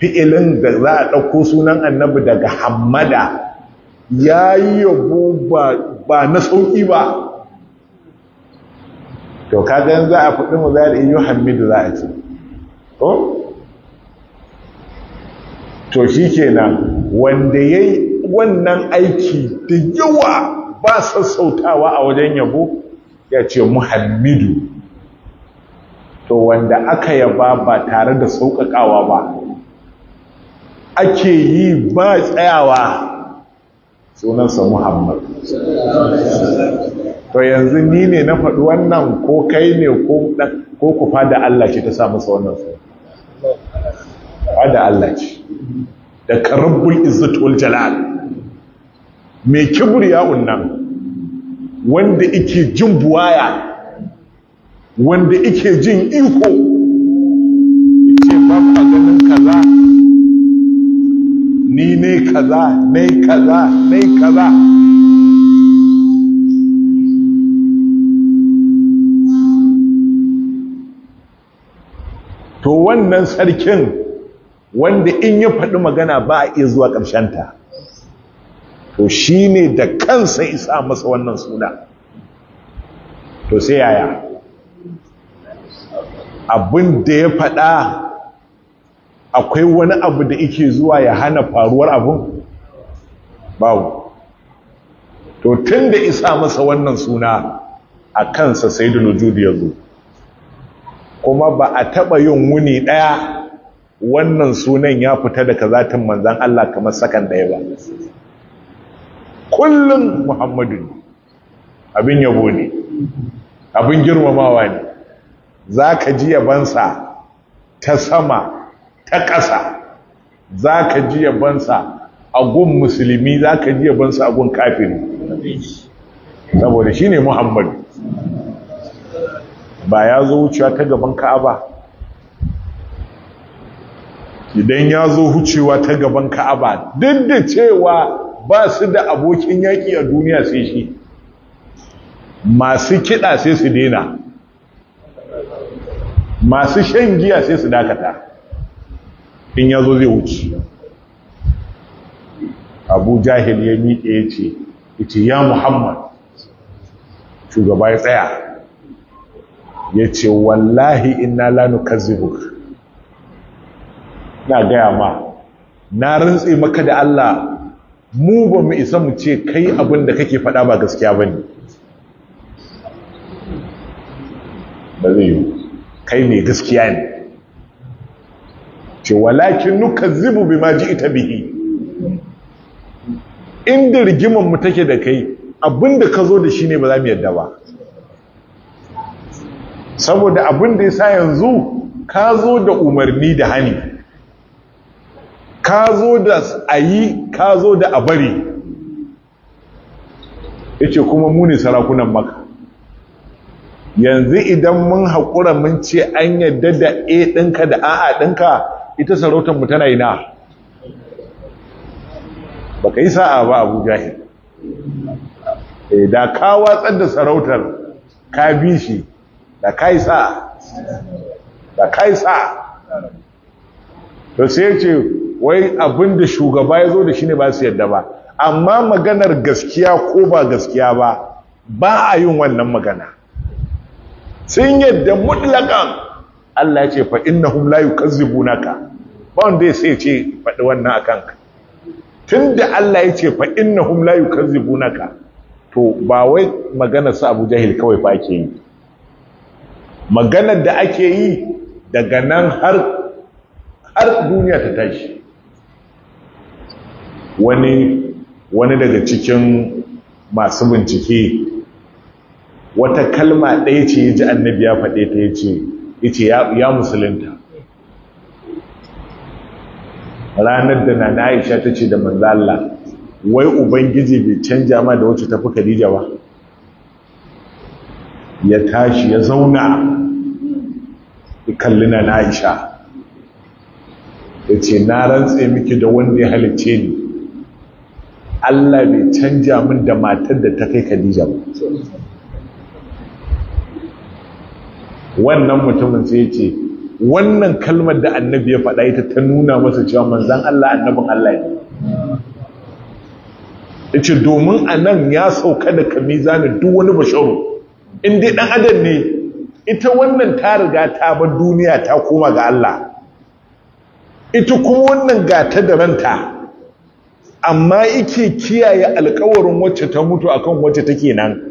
fi'ilin da za a ɗauko sunan annabi daga hammada ya yabo ba na sauƙi ba to kagan za a faɗi mu za a yi hamidu za a ce to to shi kenan wanda yayi wannan aiki da yawa ba sassautawa a wajen yabo ya ce muhammidu to wanda aka yaba ba tare da sauƙaƙawa ba ake yi ba tsayawa sunansa muhammad to yanzu ni ne na faɗi wannan ko kai ne ko ku fada Allah ce ta sa musu wannan su fada Allah ce da karabbul izzatul jalal mai kibriya'un nan wanda ike jin buwaya wanda ike jin iko ce ba ka ganin kaza ni ne kaza ne kaza ne kaza to wannan sarkin wanda in yi faɗi magana ba a iya zuwa ƙarshen ta. to shi ne da kansa isa masa wannan suna to sai yaya abin da ya faɗa akwai wani abu da ike zuwa ya hana faruwar abin bawo to tun da isa masa wannan suna a kansa sai da lujudi ya zo kuma ba a taɓa yin wuni ɗaya wannan sunan ya fita daga zatin manzan Allah kamar sakan daya ba kullum muhammadu ne abin yabo ne abin girmamawa ne za ka ji yabansa ta sama ta ƙasa za ka ji yabansa a gun musulmi za ka ji yabansa a gun kafiri saboda shi ne muhammadu ba ya zo wucewa ta gaban ka'aba idan ya zo wucewa ta gaban ka'aba duk da cewa ba su da abokin yaƙi a duniya sai shi masu kiɗa sai su dena masu shan giya sai su dakata in ya zo zai wuce abu jahil ya miƙe ya ce ita ya muhammad shugaba ya tsaya ya ce wallahi ina lanu kazzibuk na gaya ma na rantse maka da allah mu ba mu isa mu ce kai abin da kake faɗa ba gaskiya ba ne ba zai yi kai ne gaskiya ne ce walakin nuka zibu bi ma ji ita bihi inda rigimanmu take da kai abinda ka zo da shi ne ba za mu yadda ba saboda abin da ya sa yanzu ka zo da umarni da hani ka zo da a yi ka zo da a bari Ya ce kuma mu sarakunan maka yanzu idan mun haƙura mun ce an yadda da a ɗinka da a'a ɗinka ita sarautar mu tana ba ka yi sa'a ba abu jahil eh, da ka watsar da sarautar ka bi shi da ka yi sa'a da ka yi sa'a to sai ce wai abin da shugaba ya zo da shi ne ba su yadda ba amma maganar gaskiya ko ba gaskiya ba ba a yin wannan magana sun yadda mutlakan Allah ya ce fa innahum la yukazzibunaka ba wanda ya sai ce faɗi wannan a kanka ka da Allah ya ce fa innahum la yukazzibunaka to ba wai maganar sa Abu Jahil kawai fa ake yi maganar da ake yi daga nan har har duniya ta tashi wani wani daga cikin masu bincike wata kalma ɗaya ce ya ji annabi ya faɗe ta ya ce ya musulunta ranar da na aisha ta ce da manzala wai ubangiji bai canja ma da wacce tafi khadija ba ya tashi ya zauna ya kalli na aisha ya ce na rantse miki da wanda ya halicce ni Allah bai canja min da matar da ta kai Khadija ba wannan mutumin sai ce wannan kalmar da annabi ya faɗa ita ta nuna masa cewa manzan Allah annabin Allah ne ce domin a nan ya sauka da kamiza ne duk wani basharu in dai ɗan adam ne ita wannan ta riga ta bar duniya ta koma ga Allah ita kuma wannan gata da ranta amma yake kiyaye alkawarin wacce ta mutu akan wacce take nan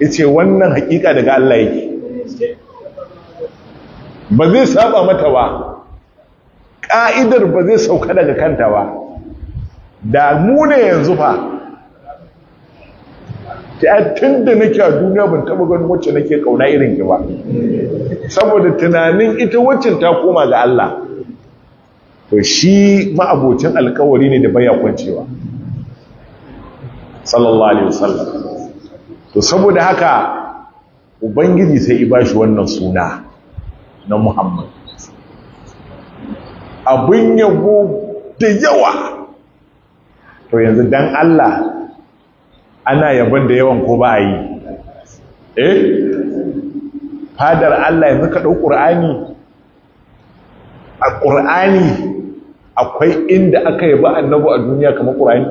yace wannan hakika daga Allah yake ba zai saba mata ba ka'idar ba zai sauka daga kanta ba da mu ne yanzu fa tun da nake a duniya ban taba ganin wacce nake kauna irin ki ba saboda tunanin ita wacce ta koma ga Allah to shi ma'abocin alkawari ne da baya kwancewa sallallahu alaihi wasallam to saboda haka ubangiji sai i bashi wannan suna na muhammad abin yabo da yawa to yanzu dan allah ana yabon da yawan ko ba a yi eh fadar allah yanzu ka ɗau ƙur'ani a ƙur'ani akwai inda aka yi ba annabi a duniya kamar ƙura'in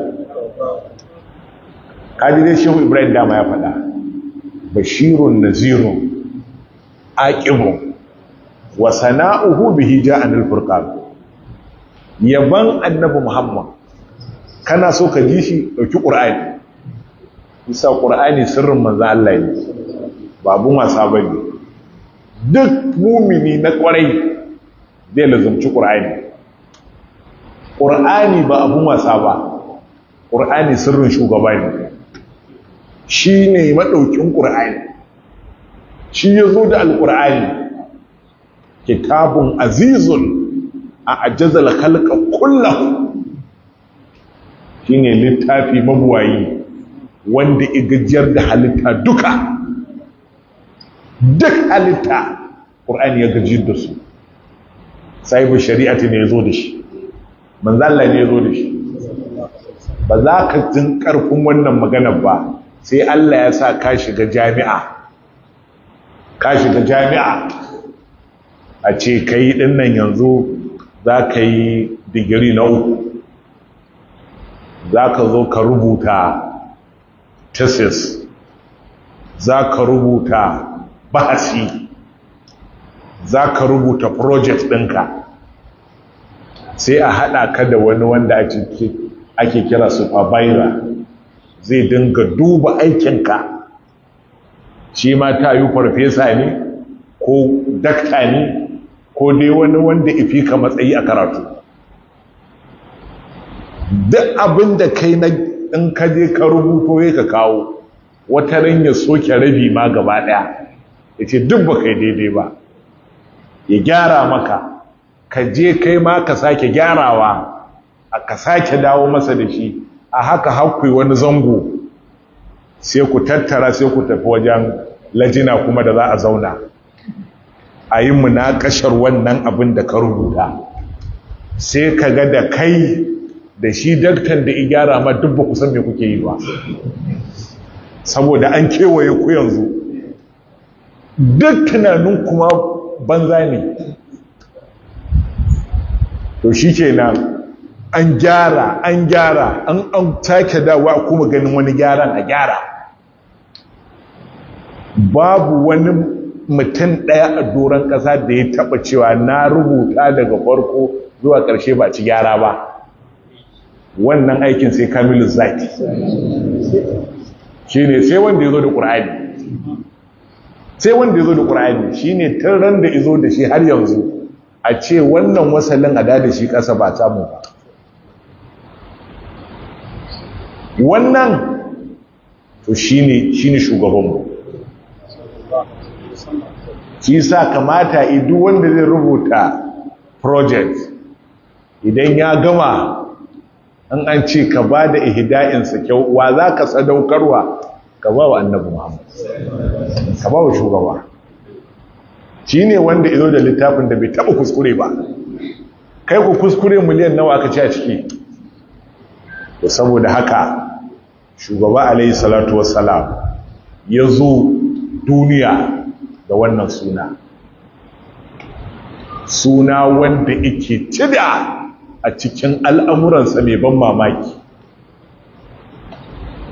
kaji dai shehu ibrahim dama ya faɗa bashirun nazirun aƙibun wa sana'uhu bihi a nufar ƙaru yaban annabu muhammad kana so ka ji shi ɗauki qur'ani isa qur'ani sirrin manza Allah ne babu wasa ne. duk mumini na kwarai zai lazumci ƙur'ani. ƙur'ani ba abun wasa ba ƙur'ani sirrin shugaba ne shi ne maɗaukin ƙur'ani shi ya zo da alƙur'ani kitabun azizun a ajazal halka kullahu shi ne littafi mabuwayi wanda igajiyar da halitta duka duk halitta ƙur'ani ya gaji da su sai shari'ati ne ya zo da shi manzo Allah ne zo da shi ba za ka jin karfin wannan magana ba sai Allah ya sa ka shiga jami'a ka shiga jami'a a ce kai din nan yanzu za ka yi digiri na uku za ka zo ka rubuta thesis za ka rubuta bahasi za ka rubuta project ɗinka sai a haɗa ka da wani wanda ake kira supervisor zai dinga duba aikinka shi ma ta yi farfesa ne ko dakta ne ko dai wani wanda ifi ka matsayi a karatu duk abin da kai na in ka je ka rubuto ya ka kawo wata ran soke rabi ma gaba ɗaya ya ce duk ba kai daidai ba ya gyara maka ka je kai ma ka sake gyarawa a ka sake dawo masa da shi a haka haƙƙi wani zango sai ku tattara sai ku tafi wajen lajina kuma da za a zauna a yi munakashar wannan abin da ka rubuta sai ka ga da kai da shi daktan da gyara ma duk ba ku san me kuke yi ba saboda an kewaye ku yanzu duk tunanin kuma banza ne to shi ke nan an gyara an gyara an an take dawa kuma ganin wani gyaran a gyara babu wani mutum ɗaya a doron ƙasa da ya taɓa cewa na rubuta daga farko zuwa ƙarshe ba ci gyara ba wannan aikin sai kamilu zaki shi ne sai wanda ya zo da ƙura'ani sai wanda ya zo da ƙura'ani shi ne tun ran da ya zo da shi har yanzu a ce wannan wasallin a dada shi ƙasa ba samu ba wannan to shugaban mu. shugabanmu shi sa kamata idu wanda zai rubuta project idan ya gama an an ce ka ba da ihda'insa kyau wa za ka sadaukarwa ka ba wa annabi muhammad ka ba wa shugaba shi ne wanda izo da littafin da bai taɓa kuskure ba kai ku kuskure miliyan nawa aka ci a ciki to saboda haka shugaba alayhi salatu wassalam ya zo duniya da wannan suna suna wanda yake cida a cikin al'amuransa mai ban mamaki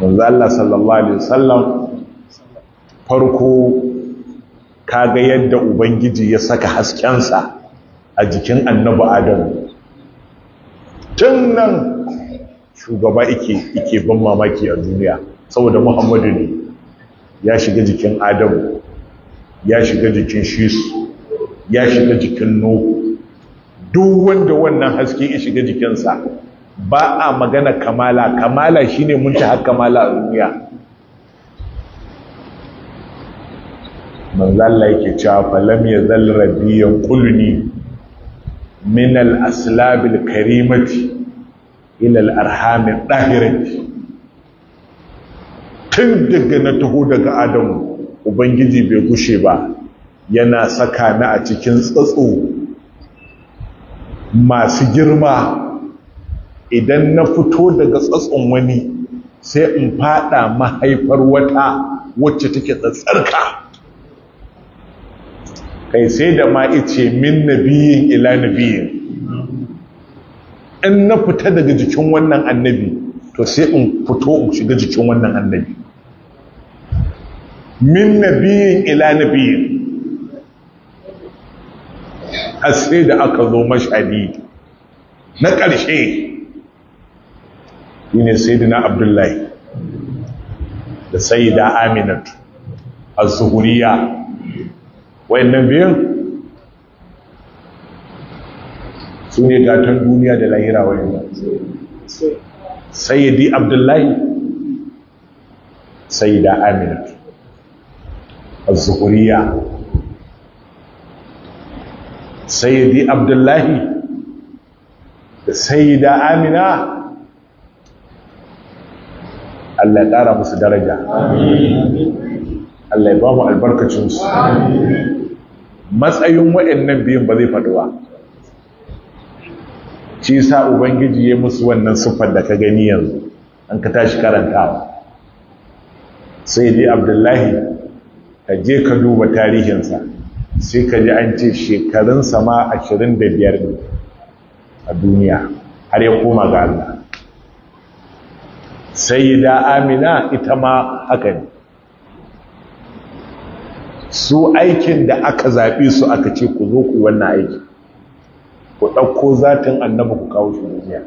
manzo Allah sallallahu alaihi wasallam farko kaga yadda ubangiji ya saka haskensa a jikin annabi adam tun nan shugaba ike ban mamaki a duniya saboda muhammadu ne ya shiga jikin adam ya shiga jikin shisu ya shiga jikin nuhu duk wanda wannan haske ya shiga jikinsa ba a magana kamala kamala shine mun ta kamala a duniya manzo Allah yake cewa falam yazal rabbi kulni min al-aslab al-karimati ila al-arham al-dahirati tun daga na taho daga Adamu ubangiji bai gushe ba yana saka ni a cikin tsatso masu girma idan na fito daga tsatson wani sai in fada mahaifar wata wacce take tsatsarka kai sai da ma ice min nabiyin ila nabiyin in na fita daga jikin wannan annabi to sai in fito in shiga jikin wannan annabi min nabiyin ila nabiyin har sai da aka zo mashadi na ƙarshe Yi ne sai na abdullahi da da aminatu a zuhuriya wayannan biyan? su ne gatan duniya da lahira wayannan sayyidi abdullahi sayyida aminatu az-zuhuriya sayyidi abdullahi da sayyida amina Allah ya ƙara musu daraja Allah ya ba mu albarkacinsu matsayin waɗannan biyun ba zai faɗi ba sa ubangiji ya musu wannan siffar da ka gani yanzu an ka tashi karantawa sai dai abdullahi ka je ka duba tarihinsa sai ka ji an ce shekarun sama 25 ne a duniya har ya koma ga Allah sai da amina ita ma haka ne su aikin da aka zaɓi su aka ce ku zo ku wannan aiki ku ɗauko zatin annabi ku kawo shi duniya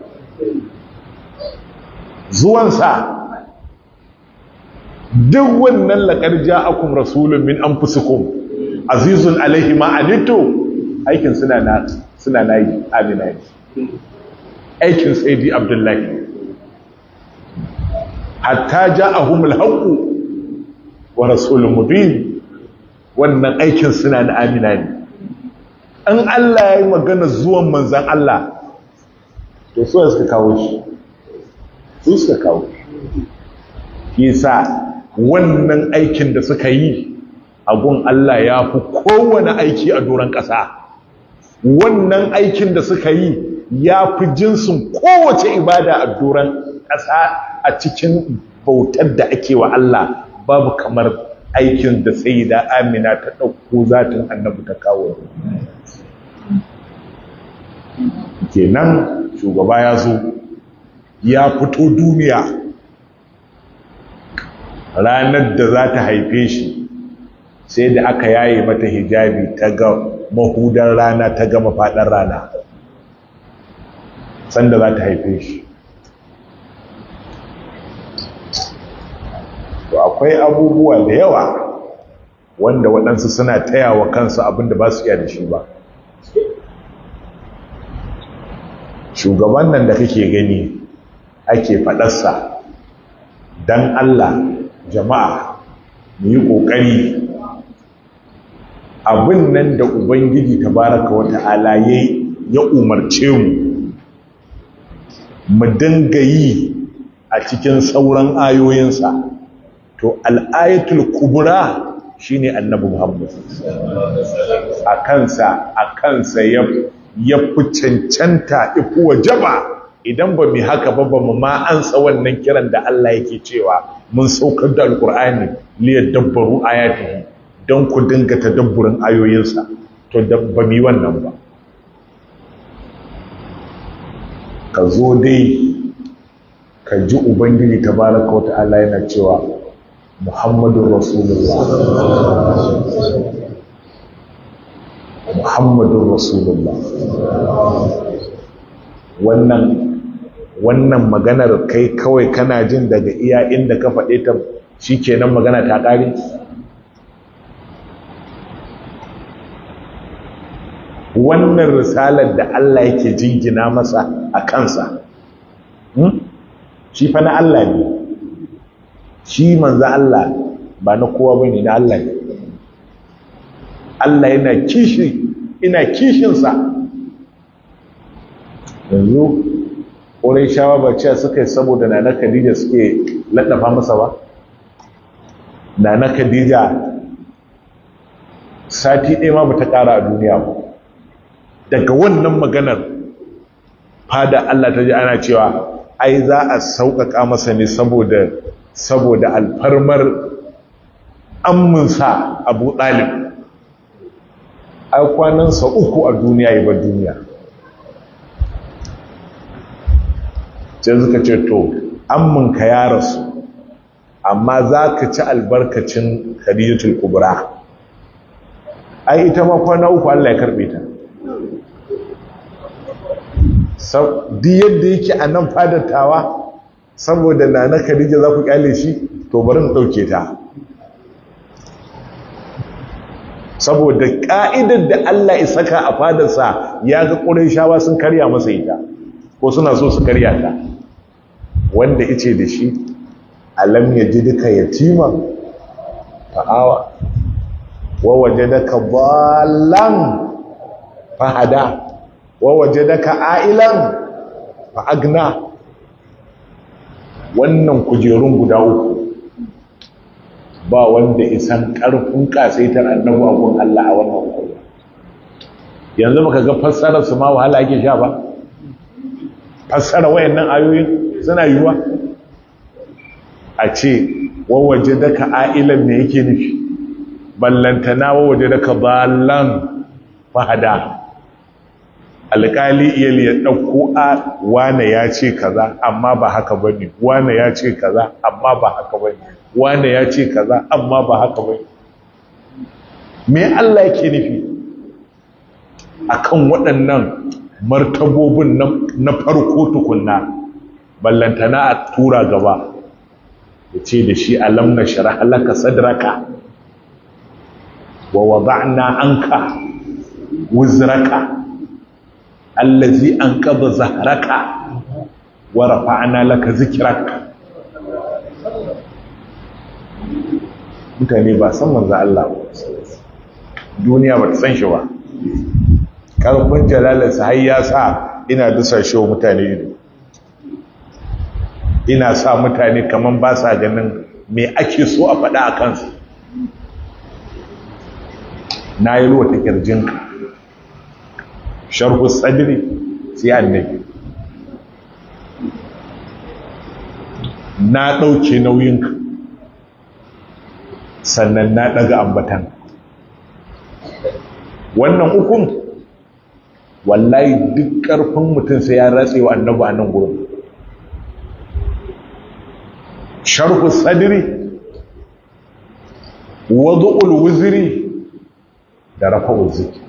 zuwansa duk wannan laƙar ja'akum rasulun min an anfusikum azizun alaihi ma aikin suna na yi amina yi aikin saidi abdullahi hatta ja'ahum alhaqu wa rasulun mubin wannan aikin suna na amina ne In Allah ya yi magana zuwan manzan Allah to so suka kawo shi su suka kawo shi sa wannan aikin da suka yi a Allah ya fi kowane aiki a doron ƙasa wannan aikin da suka yi ya fi jinsin kowace ibada a doron ƙasa a cikin bautar da ake wa Allah babu kamar aikin da sai da amina ta ɗauko zatin annabi ta kawo kenan shugaba ya zo ya fito duniya ranar da za ta haife shi sai da aka yaye mata hijabi ta ga mahudar rana ta gama mafaɗar rana sanda za ta haife shi akwai abubuwa da yawa wanda waɗansu suna taya wa kansu abinda ba su iya da shi ba shugaban nan da kake gani ake faɗarsa don allah jama'a mu yi ƙoƙari abin nan da ubangiji ta baraka wata alaye ya umarce mu mu dinga yi a cikin sauran ayoyinsa to al'ayatul kubra shine annabi Muhammad a kansa a kansa ya ya fi cancanta ifu wajaba idan ba mai haka ba ba mu ma ansa wannan kiran da Allah yake cewa mun saukar da alqur'ani li yadabbaru ayatihi don ku dinga ta tadabburin ayoyinsa to ba mi wannan ba ka zo dai ka ji ubangiji tabaraka wa ta'ala yana cewa Muhammadun Rasulullah Muhammadun Rasulullah wannan wannan maganar kai kawai kana jin daga iya inda ka faɗe ta shikenan magana ta ƙare wannan risalar da Allah yake jingina masa a kansa hmm? shi fa na Allah ne shi manzo Allah ba na kowa bane na Allah ne Allah yana kishi ina kishinsa yanzu ƙorai shawa ba ce suka yi saboda nana khadija suke laɗafa masa ba nana khadija sati ɗaya ma bata ta ƙara a duniya ba daga wannan maganar fada Allah ta ji ana cewa ai za a sauƙaƙa masa ne saboda saboda alfarmar amminsa abu ɗalib a kwanansa uku a duniya yi ba duniya can suka ce to amminka ya rasu amma za ka ci albarkacin khadijatul kubra ai ita ma kwana uku allah ya karbe ta duk yadda yake a nan fadatawa saboda na na khadija za ku kyale shi to barin mu ɗauke ta saboda ƙa'idar da Allah ya saka a fadarsa ya ga shawa sun karya masa ita ko suna so su karya ta wanda ice da shi alam ya ji duka yatima fa'awa wawaje daga balan fahada wawaje daga a'ilan fa'agna wannan kujerun guda uku ba wanda isan ƙarfin ƙasaitar annabu a Allah a wannan hukuma yanzu baka ga fassarar su ma wahala ake sha ba fassara wayannan ayoyin suna yiwuwa? a ce wawaje daka ailan me yake nufi ballantana wawaje daka ballan fahada alƙali iyali ya ɗauko a wane ya ce kaza amma ba haka ba ne wane ya ce kaza amma ba haka ba ne wane ya ce kaza amma ba haka ba me Allah yake nufi akan waɗannan martabobin na farko tukunna ballantana a tura gaba ya ce da shi alam na shara halaka sadraka wa wada'na anka wuzraka allazi an qada zaharaka wa rafa'na laka zikrak mutane ba san manzo Allah duniya ba ta san shi ba karfin jalalarsa har ya sa ina dusashe mutane ido ina sa mutane kamar ba sa ganin me ake so a faɗa a kansu na yi ruwa ta kirjinka sharhu sadri sai annabi na nauyin ka, sannan na ɗaga ambatan wannan ukun wallahi duk ƙarfin mutum sai ya ratse wa annabi a nan gurin sharhu sadri wadu'ul wuziri da rafau ziki.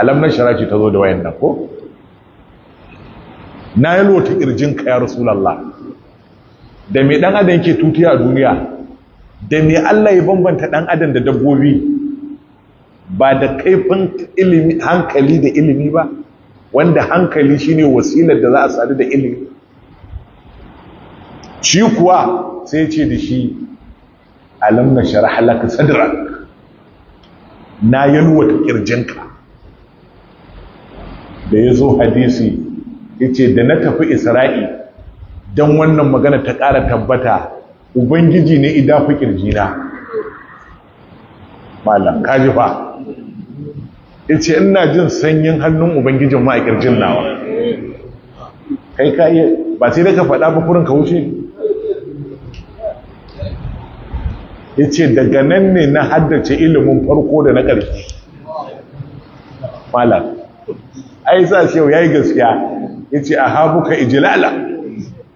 alam na shara ta zo da wayan nan ko na yi lota ka ya rasulallah da mai dan adam ke tutiya a duniya da mai allah ya bambanta ɗan adam da dabbobi ba da kaifin hankali da ilimi ba wanda hankali shine wasilar da za a sadu da ilimi shi kuwa sai ce da shi alam na shara halaka sadrak na yalwata kirjinka da ya zo hadisi ya ce da na tafi isra'i don wannan magana ta ƙara tabbata ubangiji ne idafi ƙirjina malam kaji fa ya ce ina jin sanyin hannun ubangijin ma a ƙirjin nawa kai ka yi ba sai da ka faɗa ba kurin ka wuce ya ce daga nan ne na haddace ilimin farko da na ƙarfi malam ai sa shehu yayi gaskiya yace a habuka ijlala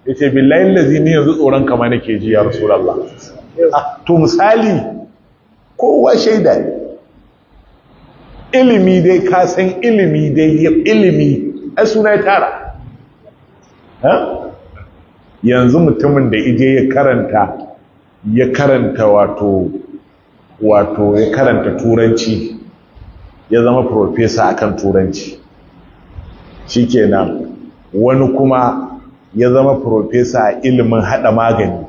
yace billahi allazi ni yanzu tsoron ka ma nake ji ya rasulullah ah, to misali kowa shaida ilimi dai ka san ilimi dai ilimi ai suna ya tara yanzu mutumin da ije ya karanta ya karanta wato wato ya karanta turanci ya zama profesa akan turanci shikenan wani kuma ya zama profesa a ilimin hada magani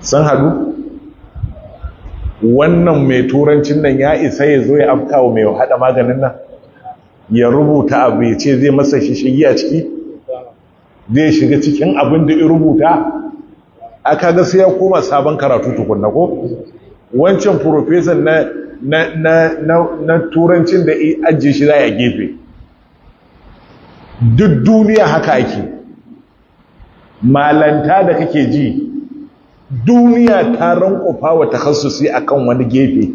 sun hadu wannan mai turancin nan ya isa ya zo ya afka wa mai hada maganin nan ya rubuta abu ya ce zai masa shishigi a ciki zai shiga cikin abin da ya rubuta aka ga sai ya koma sabon karatu tukunna ko wancan profesa na na turancin da ajiye shi za a gefe duk duniya haka ake malanta da kake ji duniya ta rankofa wa takhassusi akan wani gefe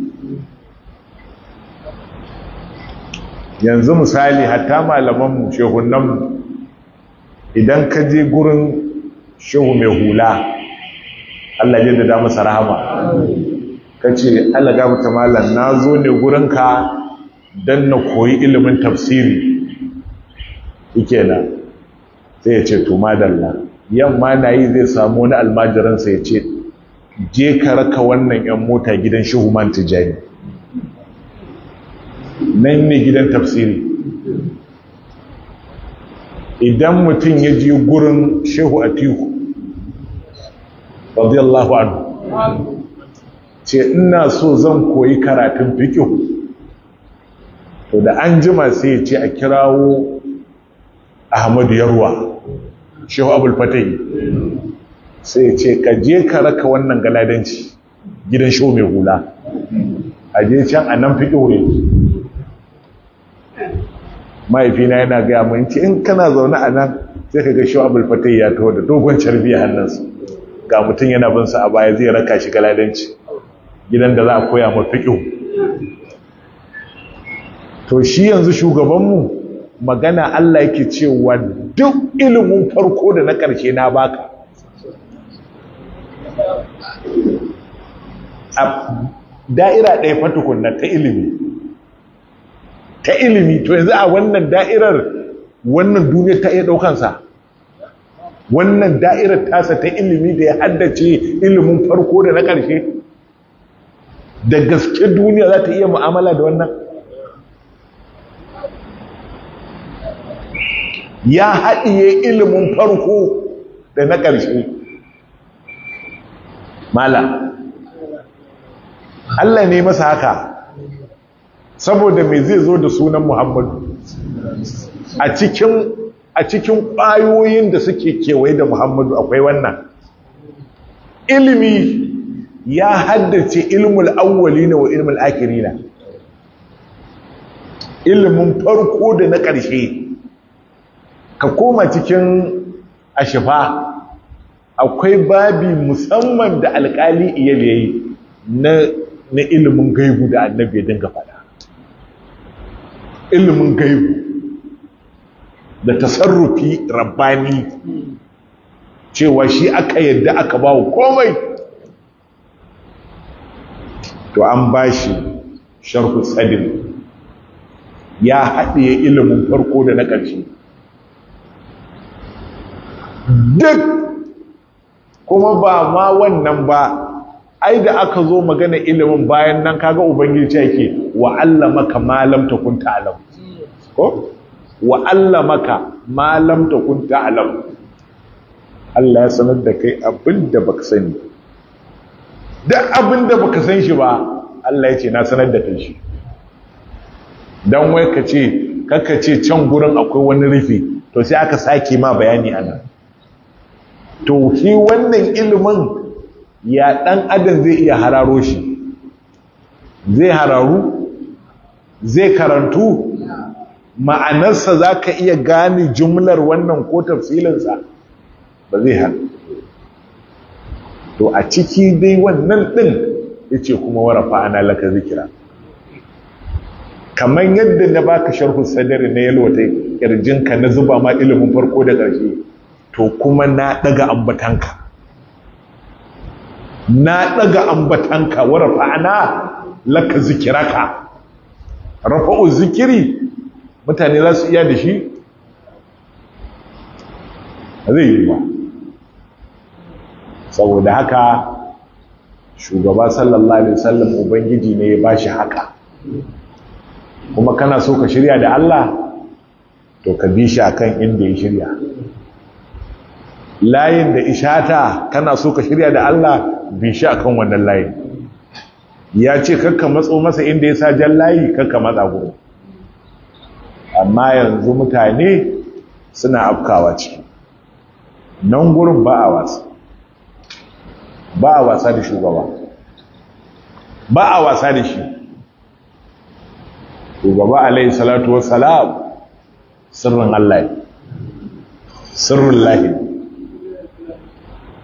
yanzu misali hatta malamanmu nan, idan ka je gurin shehu mai hula Allah ya dada masa rahama ka ce Allah gafata malam na zo ne gurin ka dan na koyi ilimin tafsiri nan sai ya ce to yamma na yi zai samu wani almajiransa ya ce je ka wannan yan mota gidan shehuman tijani nan ne gidan tafsiri idan mutum ya ji gurin shehu atiku radiyallahu anhu ce ina so zan koyi karatun fikihu to da an jima sai ya ce a kirawo ahmadu yarwa shehu abul fatai sai ce ka je ka raka wannan galadanci gidan shehu mai hula a je can a nan fi ɗore mahaifina yana gaya mun ce in kana zaune a nan sai ka ga shehu abul fatai ya taho da dogon carbi a ga mutum yana bin sa a baya zai raka shi galadanci gidan da za a koya ma fiƙo to shi yanzu shugabanmu magana Allah yake cewa duk ilimin farko da na ƙarshe na baka a da'ira ɗaya fatukunna ta ilimi ta ilimi to yanzu a wannan da'irar wannan duniyar ta iya ɗaukansa wannan da'irar tasa ta ilimi da ya haddace ilimin farko da na ƙarshe da gaske duniya za ta iya mu'amala da wannan ya haɗiye ilimin farko da na ƙarshe mala Allah ne masa haka saboda mai zai zo da sunan muhammadu a cikin a cikin ƙwayoyin da suke kewaye da muhammadu akwai wannan ilimi ya haddace ilimul awwali ne wa ilimul akirina ilimin farko da na ƙarshe ka koma cikin ashifa akwai babi musamman da alkali iya yayi na na ilimin gaibu da annabi ya dinga faɗa ilimin gaibu da tasarrufi rabbani cewa shi aka yadda aka bawo komai to an bashi sharhu sadin ya haɗe ilimin farko da na ƙarshe duk kuma ba ma wannan ba ai da aka zo magana ilimin bayan nan kaga ubangiji yake wa allamaka ma lam takun ta'lam ko wa allamaka ma lam takun ta'lam Allah ya sanar da kai abinda baka sani duk abinda baka san shi ba Allah ya ce na sanar da kai shi dan wai ka ce kaka ce can gurin akwai wani rufi to sai aka sake ma bayani anan to shi wannan ilimin ya ɗan adam zai iya hararo shi zai hararu zai karantu ma'anarsa za ka iya gane jumlar wannan ko tafsilinsa ba zai hannu to a ciki dai wannan ɗin ya ce kuma warafa ana laka zikira kamar yadda na baka sharhu sadari na yalwata ƙirjinka na zuba ma ilimin farko da ƙarshe to kuma na daga ambatanka na daga ambatanka wa rafa'ana laka zikiraka rafa'u zikiri mutane za su iya da shi zai yi ba saboda haka shugaba sallallahu alaihi wasallam ubangiji ne ya bashi haka kuma kana so ka shirya da Allah to ka bi shi akan inda ya shirya layin da ishata kana so ka shirya da Allah bi shi akan wannan layin ya ce kakka matso masa inda ya sa jan layi kakka matsa gurin amma yanzu mutane suna afkawa ciki nan gurin ba a wasa ba a wasa da shugaba ba a wasa da shi shugaba alayhi salatu wassalam sirrin Allah sirrin lahi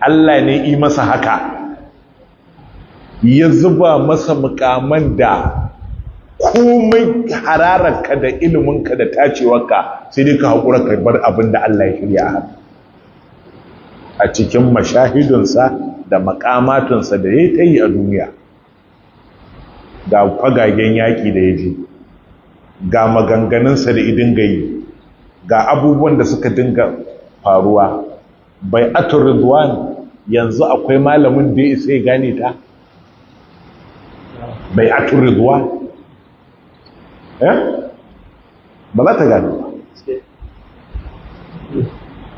Allah ne yi masa haka ya zuba masa mukaman da komai harararka da iliminka da tacewarka sai dai ka haƙura ka bar abin da Allah ya shirya a a cikin mashahidunsa da makamatunsa da ya ta yi a duniya ga kwagagen yaƙi da ya ji ga maganganunsa da idin gayi ga abubuwan da suka dinga faruwa bai atur ridwan yanzu akwai malamin da ya isa ya gane ta bai atur ridwan eh ba za ta gano ba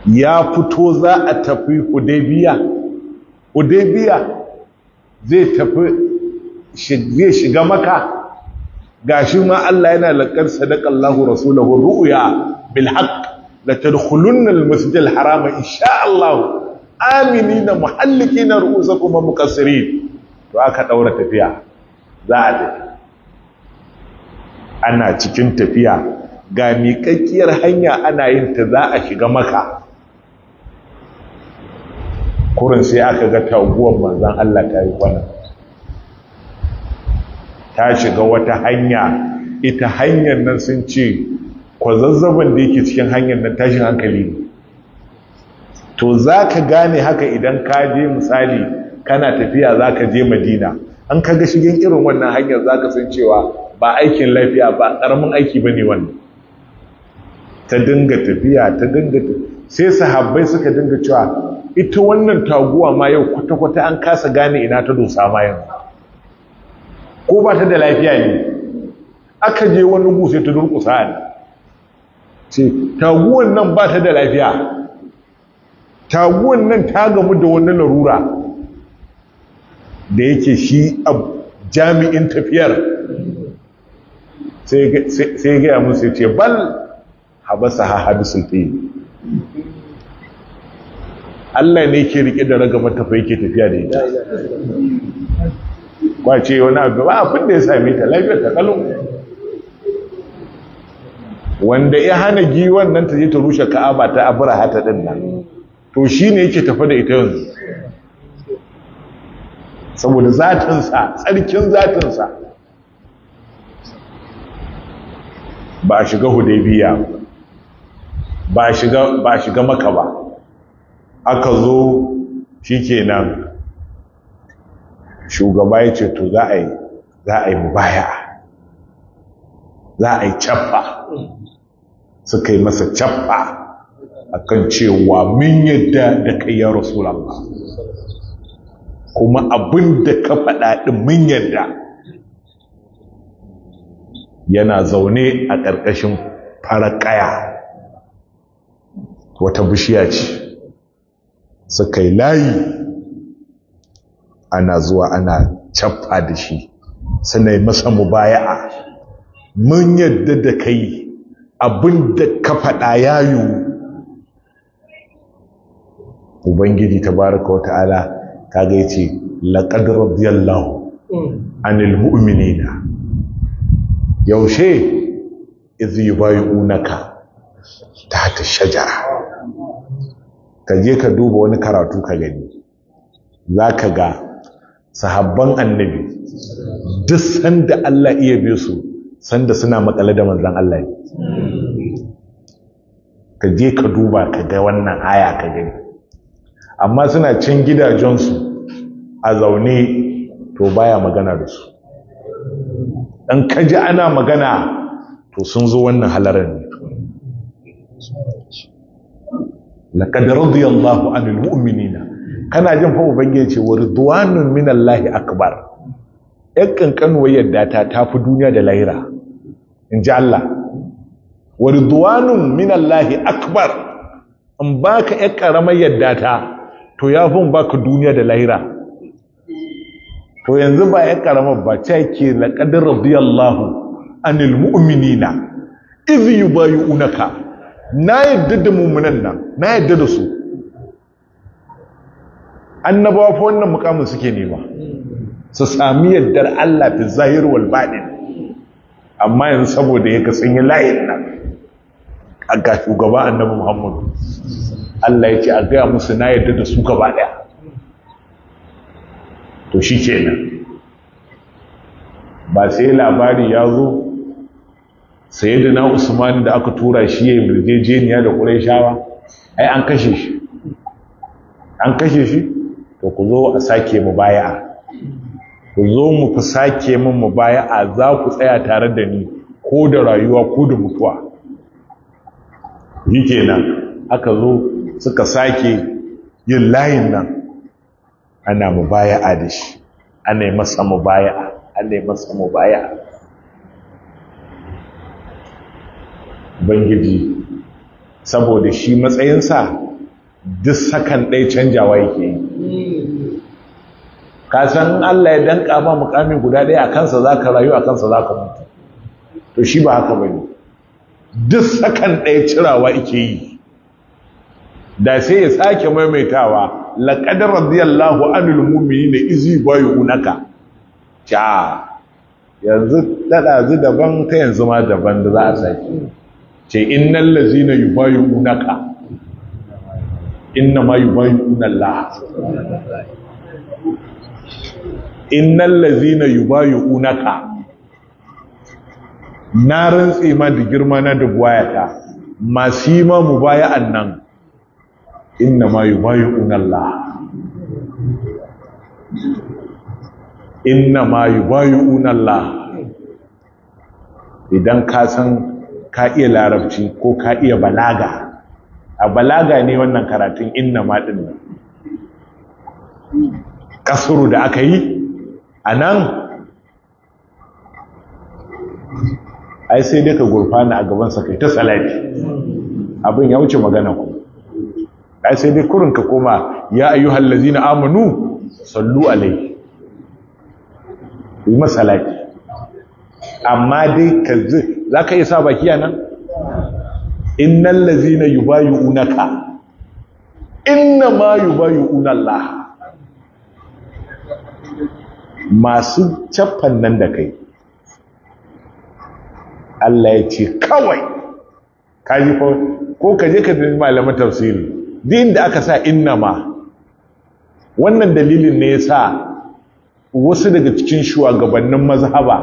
ya fito za a tafi hudebiya hudebiya zai tafi zai shiga maka gashi ma Allah yana laƙar sadaƙallahu rasulahun ru'uya bilhaka. la tadkhulunna al-masjid al-harama insha Allah aminina muhallikina ru'usakum mukassirin to aka daura tafiya za a tafi ana cikin tafiya ga miƙakkiyar hanya ana yin ta za a shiga maka kurin sai aka ga taguwar manzan Allah ta yi kwana ta shiga wata hanya ita hanyar nan sun ce kwazazzaban da yake cikin hanyar nan tashin hankali ne to za ka gane haka idan ka je misali kana tafiya za ka je madina an kaga shigen irin wannan hanyar za ka san cewa ba aikin lafiya ba ƙaramin aiki ba ne wannan ta dinga tafiya ta dinga sai sahabbai suka dinga cewa ita wannan taguwa ma yau kwata-kwata an kasa gane ina ta dosa ma yanzu ko ba ta da lafiya ne aka je wani gu sai ta durƙusa ne ce taguwan nan ba ta da lafiya taguwan nan ta gamu da wani larura da yake shi a jami'in tafiyar sai gaya musu ce bal habasa ha hadisun yi. Allah ne ke rike da raga matafa ke tafiya da ita kwace wani abu ba abin da ya same ta lafiyar ta kalon wanda ya hana giwan nan ta je ta rushe ka'aba ta abura hata din nan to shine yake tafi da ita yanzu saboda zatinsa tsarkin zatinsa ba shiga hudaybiya ba shiga ba shiga maka ba aka zo shikenan shugaba yace to za a yi za a yi mubaya za a yi suka yi masa a akan cewa min yadda da kai ya Allah, kuma abin da ka faɗa ɗin min yadda yana zaune a ƙarƙashin farakaya wata bishiya ce suka yi layi ana zuwa ana cabba da shi suna yi masa mubaya'a mun yadda da kai abin da ka faɗa ya yiwu ubangiji baraka wa ta'ala ta gai ce, laqad an ilmu'umini na yaushe unaka. Ta ta shajara ka je ka duba wani karatu ka gani Za ka ga sahabban annabi duk sanda Allah iya bi su sanda suna makale da manzan Allah ne ka je ka duba ka ga wannan aya ka gani amma suna cin gidajensu a zaune to baya magana da su dan kaji ana magana to sun zo wannan halarar ne laqad radiyallahu anil mu'minina kana jin fa ubangiji ce wa ridwanun minallahi akbar yan kankanuwar yadda ta fi duniya da lahira in ji Allah wa ridwanun min Allah akbar in baka ya karamar yadda ta to ya fi baka duniya da lahira to yanzu ba ya karamar ba ta ke laqad radiyallahu anil yi idh unaka na yadda da mummunan nan na yadda da su annabawa fa wannan mukamin suke nema su sami yaddar Allah fi zahir wal baɗin amma yanzu saboda ya kasan yi layin nan ga shugaba annabi muhammadu Allah ya ce a gaya musu na yadda da su gaba daya to shi ke nan ba sai labari ya zo sai da na usmani da aka tura shi ya yi birgejeniya da kurai shawa ai an kashe shi an kashe shi to ku zo a sake mu baya ku zo mu ku sake min mu baya a za ku tsaya tare da ni ko da rayuwa ko da mutuwa yi kenan aka zo suka sake yin layin nan ana mu baya a da shi ana yi masa mu baya ana yi masa mu baya Bangiji, saboda shi matsayinsa duk sakan ɗaya canjawa yake yi Kasan Allah ya danka ma mukami guda ɗaya a kansa za ka rayu a kansa za ka mutu to shi ba haka ba ne duk sakan ɗaya cirawa ike yi da sai ya sake maimaitawa laƙadar radiyallahu anil mumini na izi bayu unaka ca yanzu zu daban ta yanzu ma daban da za a sake ce innan lazina yi bayu unaka inna ma yi bayu unan innal yi unaka, na rantse ma da girma na da buwayata, masu yi ma mu baya annan inna ma yubayu'una unalla inna ma yubayu'una unalla idan ka san ka iya larabci ko ka iya balaga a balaga ne wannan karatun inna ma ɗin kasuru da aka yi a nan ai sai dai ka gurfana a gabansa kai ta salafi abin ya wuce magana ku ai sai dai kurin ka koma ya ayyuhal na amanu sallu alai yi masalaki amma dai ka za ka iya sa baki a nan innan lazina yi bayu unaka inna ma yi bayu unallah masu caffan nan da kai Allah ya ce kawai ka yi ko ka je ka dinga malaman tafsiri din da aka sa inna ma wannan dalilin ne ya sa wasu daga cikin shugabannin mazhaba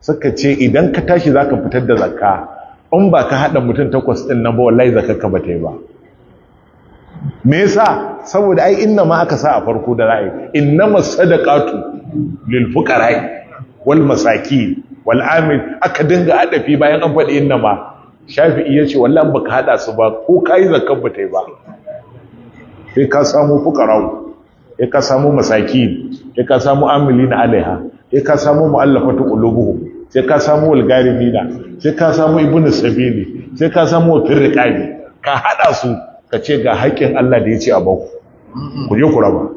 suka ce idan ka tashi zaka fitar da zakka in ba ka haɗa mutum takwas ɗin nan ba wallahi zakka ka ba ta yi ba me yasa saboda ai inna ma aka sa a farko da ra'ayi innama sadaqatu lil fuqara'i wal masakin wal amin aka dinga adafi bayan an faɗi inna ma shafi'i yace wallahi baka hada su ba ko kai zakar ba tai ba sai ka samu fuqara'u sai ka samu masakin sai ka samu amilina alaiha sai ka samu mu'allafatu qulubuh sai ka samu walgarimina sai ka samu ibnu sabili sai ka samu firqabi ka hada su ka ce ga haƙƙin Allah da ya ce a baku ku je ku raba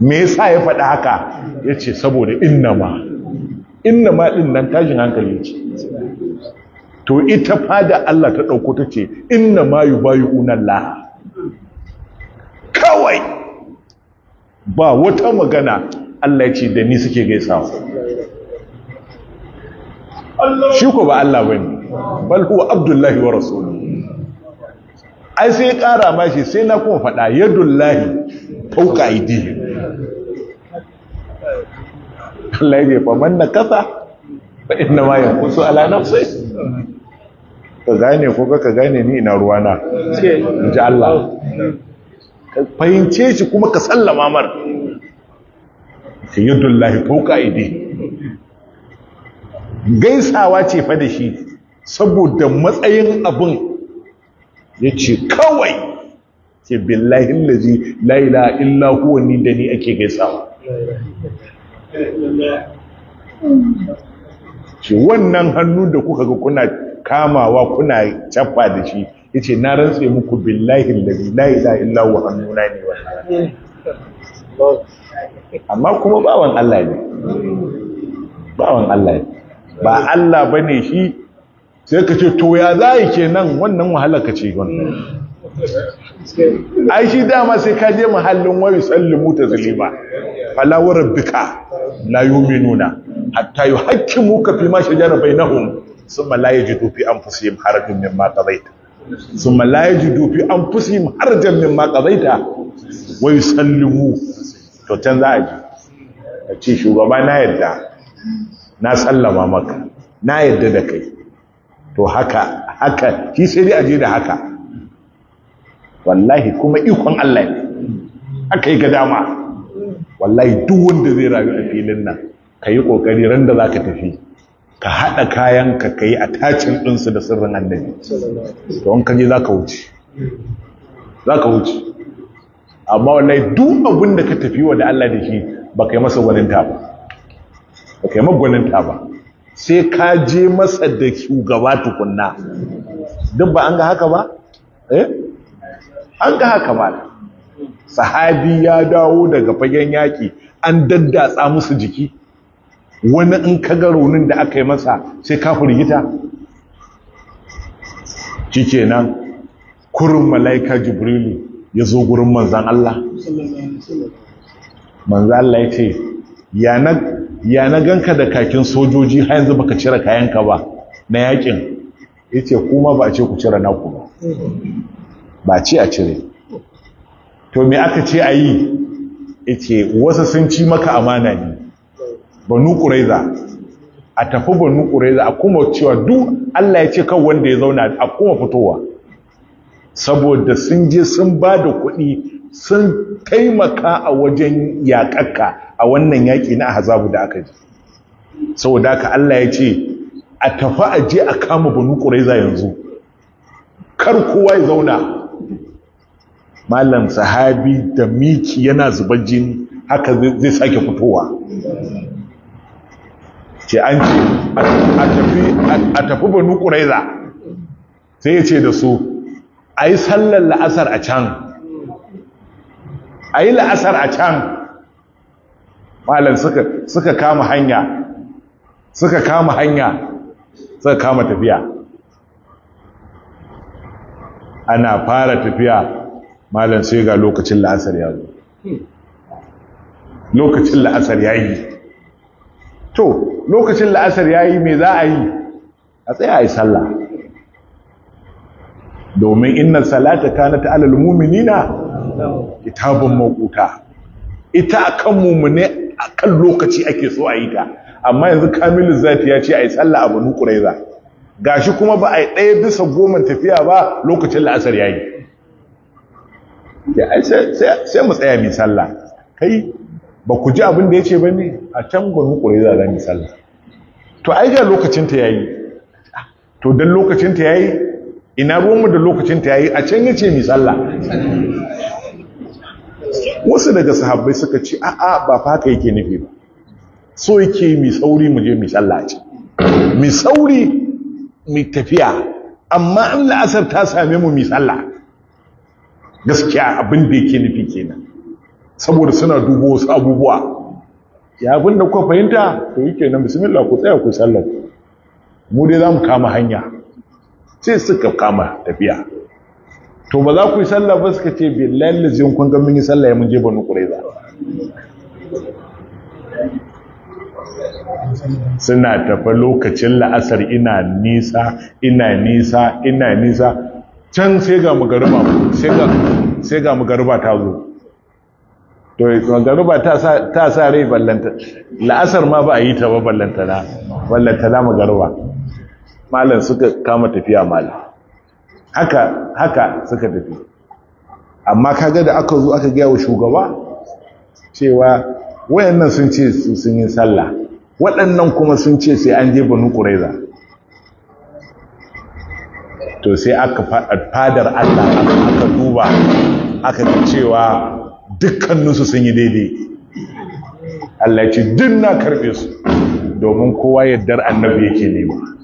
me ya sa ya faɗi haka ya ce saboda innama innama ɗin nan tashin hankali ce to ita fada Allah ta ɗauko ta ce innama yi bayu laha kawai ba wata magana Allah ce da ni suke gaisawa shi ku ba Allah wani, balhu bal huwa abdullahi wa rasuluhu ai sai ya ma shi sai na kuma faɗa yadullahi fauka idi Allah ya man manna kasa fa inna ma yanqusu ala nafsi ka gane ko ka gane ni ina ruwa in ji Allah ka fahimce shi kuma ka sallama mar ka yadullahi fauka idi gaisawa ce fa da shi saboda matsayin abin ya ce kawai ce billahi lazi laila illa huwa ni da ni ake gaisawa ce wannan hannu da kuka ga kuna kamawa kuna cafa da shi ya ce na rantse muku billahi lazi laila illa huwa hannuna ne wannan amma kuma bawan Allah ne bawan Allah ne ba Allah bane shi sai ka ce to ya za yi ke nan wannan wahala ka ce wannan hmm. ai shi dama sai ka je mahallin wari tsallimu ta zalima falawar bika la yi umi nuna hatta yi haƙƙi muka fi ma shajara bai na hun sun malaye ji dufi an fusi yin harajin min ma ƙazaita sun malaye ji dufi an fusi yin harajin min ma ƙazaita wai tsallimu to can za a ji a ce shugaba na yadda na sallama maka na yadda da kai to haka haka shi sai dai aje da haka wallahi kuma ikon Allah ne aka yi ga dama wallahi duk wanda zai rayu a filin nan ka yi ƙoƙari ran da za ka tafi ka haɗa kayanka ka yi a tacin ɗinsu da sirrin annabi to an kaje za ka wuce za ka wuce amma wallahi duk abin da ka tafi wa da Allah da shi ba ka masa gwaninta ba ba ka yi ba sai ka je masa da shugaba tukunna duk ba an ga haka ba eh an ga haka ba sahabi ya dawo daga fagen yaki an daddatsa musu jiki wani in ka ga raunin da aka yi masa sai ka firgita nan, kurin malaika jibrilu ya zo gurin manzan Allah manzan Allah ya ce ya ya na ganka da kakin sojoji har yanzu baka cire kayanka ba na yakin yace kuma ba a ce ku cire naku ba ba ce a cire to me aka ce a yi yace wasu sun ci maka amana ne banu quraiza a tafi banu quraiza a kuma cewa duk Allah ya ce kan wanda ya zauna a kuma fitowa saboda sun je sun ba da kuɗi sun taimaka a wajen yaƙaƙa a wannan yaƙi na hazabu da aka ji saboda aka Allah ya ce a tafi a je a kama banu ƙuraiza yanzu kar kowa ya zauna malam sahabi da miki yana zubar jini haka zai sake fitowa ce an ce a tafi banu ƙuraiza sai ya ce da su a yi sallar la'asar a can a yi la'asar a can malam suka kama hanya suka kama hanya suka kama tafiya ana fara tafiya malam sai ga lokacin la'asar ya zo lokacin la'asar ya yi to lokacin la'asar ya yi mai za a yi a tsaye a yi sallah domin inna salata kana alal muminina kitabun mabuta ita akan mumune akan lokaci ake so a yi ta amma yanzu kamilu zafi ya ce a yi tsalla a banu ga gashi kuma ba a yi ɗaya bisa goma tafiya ba lokacin la'asar yayi sai mu tsaya mai sallah kai ba ku ji abin da ya ce ba ne a can banu quraiza za sallah to ai ga lokacin ta yi, to dan lokacin ta yi, ina ruwanmu da lokacin ta yi a can ce mai sallah wasu daga sahabbai suka ce a'a ba fa yake nufi ba so yake mai sauri mu je mai sallah ce Mai sauri mai tafiya amma an la'asar ta same mu mai sallah gaskiya abin da yake nufi kenan saboda suna dubo wasu abubuwa ya abin da kuka fahimta to yake nan bismillah ku tsaya ku sallar mu dai za mu kama hanya sai suka kama tafiya to ba za ku yi sallah ba suka ce billahi lazim kun ga mun yi sallah ya mun je banu quraiza suna tafa lokacin la'asar ina nisa ina nisa ina nisa can sai ga magariba sai ga magariba ta zo to magariba ta sa rai ballanta la'asar ma ba a yi ta ba ballantana ballantana magariba malam suka kama tafiya malam haka haka suka tafi amma kaga da aka zo aka gaya wa shugaba cewa wayannan sun ce sun yi sallah waɗannan kuma sun ce sai an je banu ƙuraiza to sai aka fadar Allah aka duba aka ga cewa dukkaninsu sun yi daidai Allah ce duk na karɓe su domin kowa yardar annabi yake nema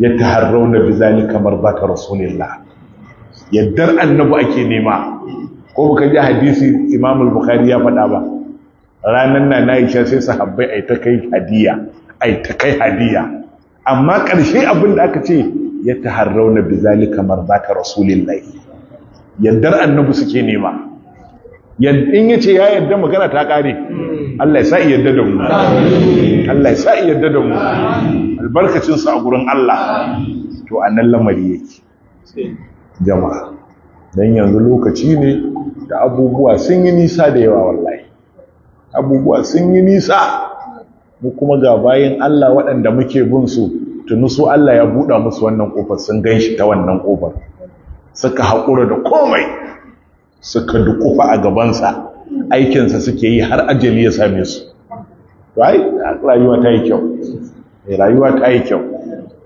yabtaguna bizani kamar baka rasulillah yaddar annabi ake nema ko baka ji hadisi Imam al-Bukhari ya faɗa ba ranan na Aisha sai sahabbai ai ta kai hadiya ai ta kai hadiya amma ƙarshe abin da aka ce ya bizani kamar baka rasulillah yaddar annabi suke nema in yace ya yarda magana ta ƙare. Allah ya sa yadda da mu Allah ya sa yadda da mu albarkacin a gurin Allah to a nan lamari yake jama'a don yanzu lokaci ne da abubuwa sun yi nisa da yawa wallahi abubuwa sun yi nisa mu kuma ga bayan Allah waɗanda muke bin su tuni su Allah ya buɗa musu wannan ƙofar sun gan shi ta wannan ƙofar suka haƙura da komai suka dukufa a gabansa aikinsa suke yi har ajali ya same su right rayuwa ta yi kyau eh, rayuwa ta yi kyau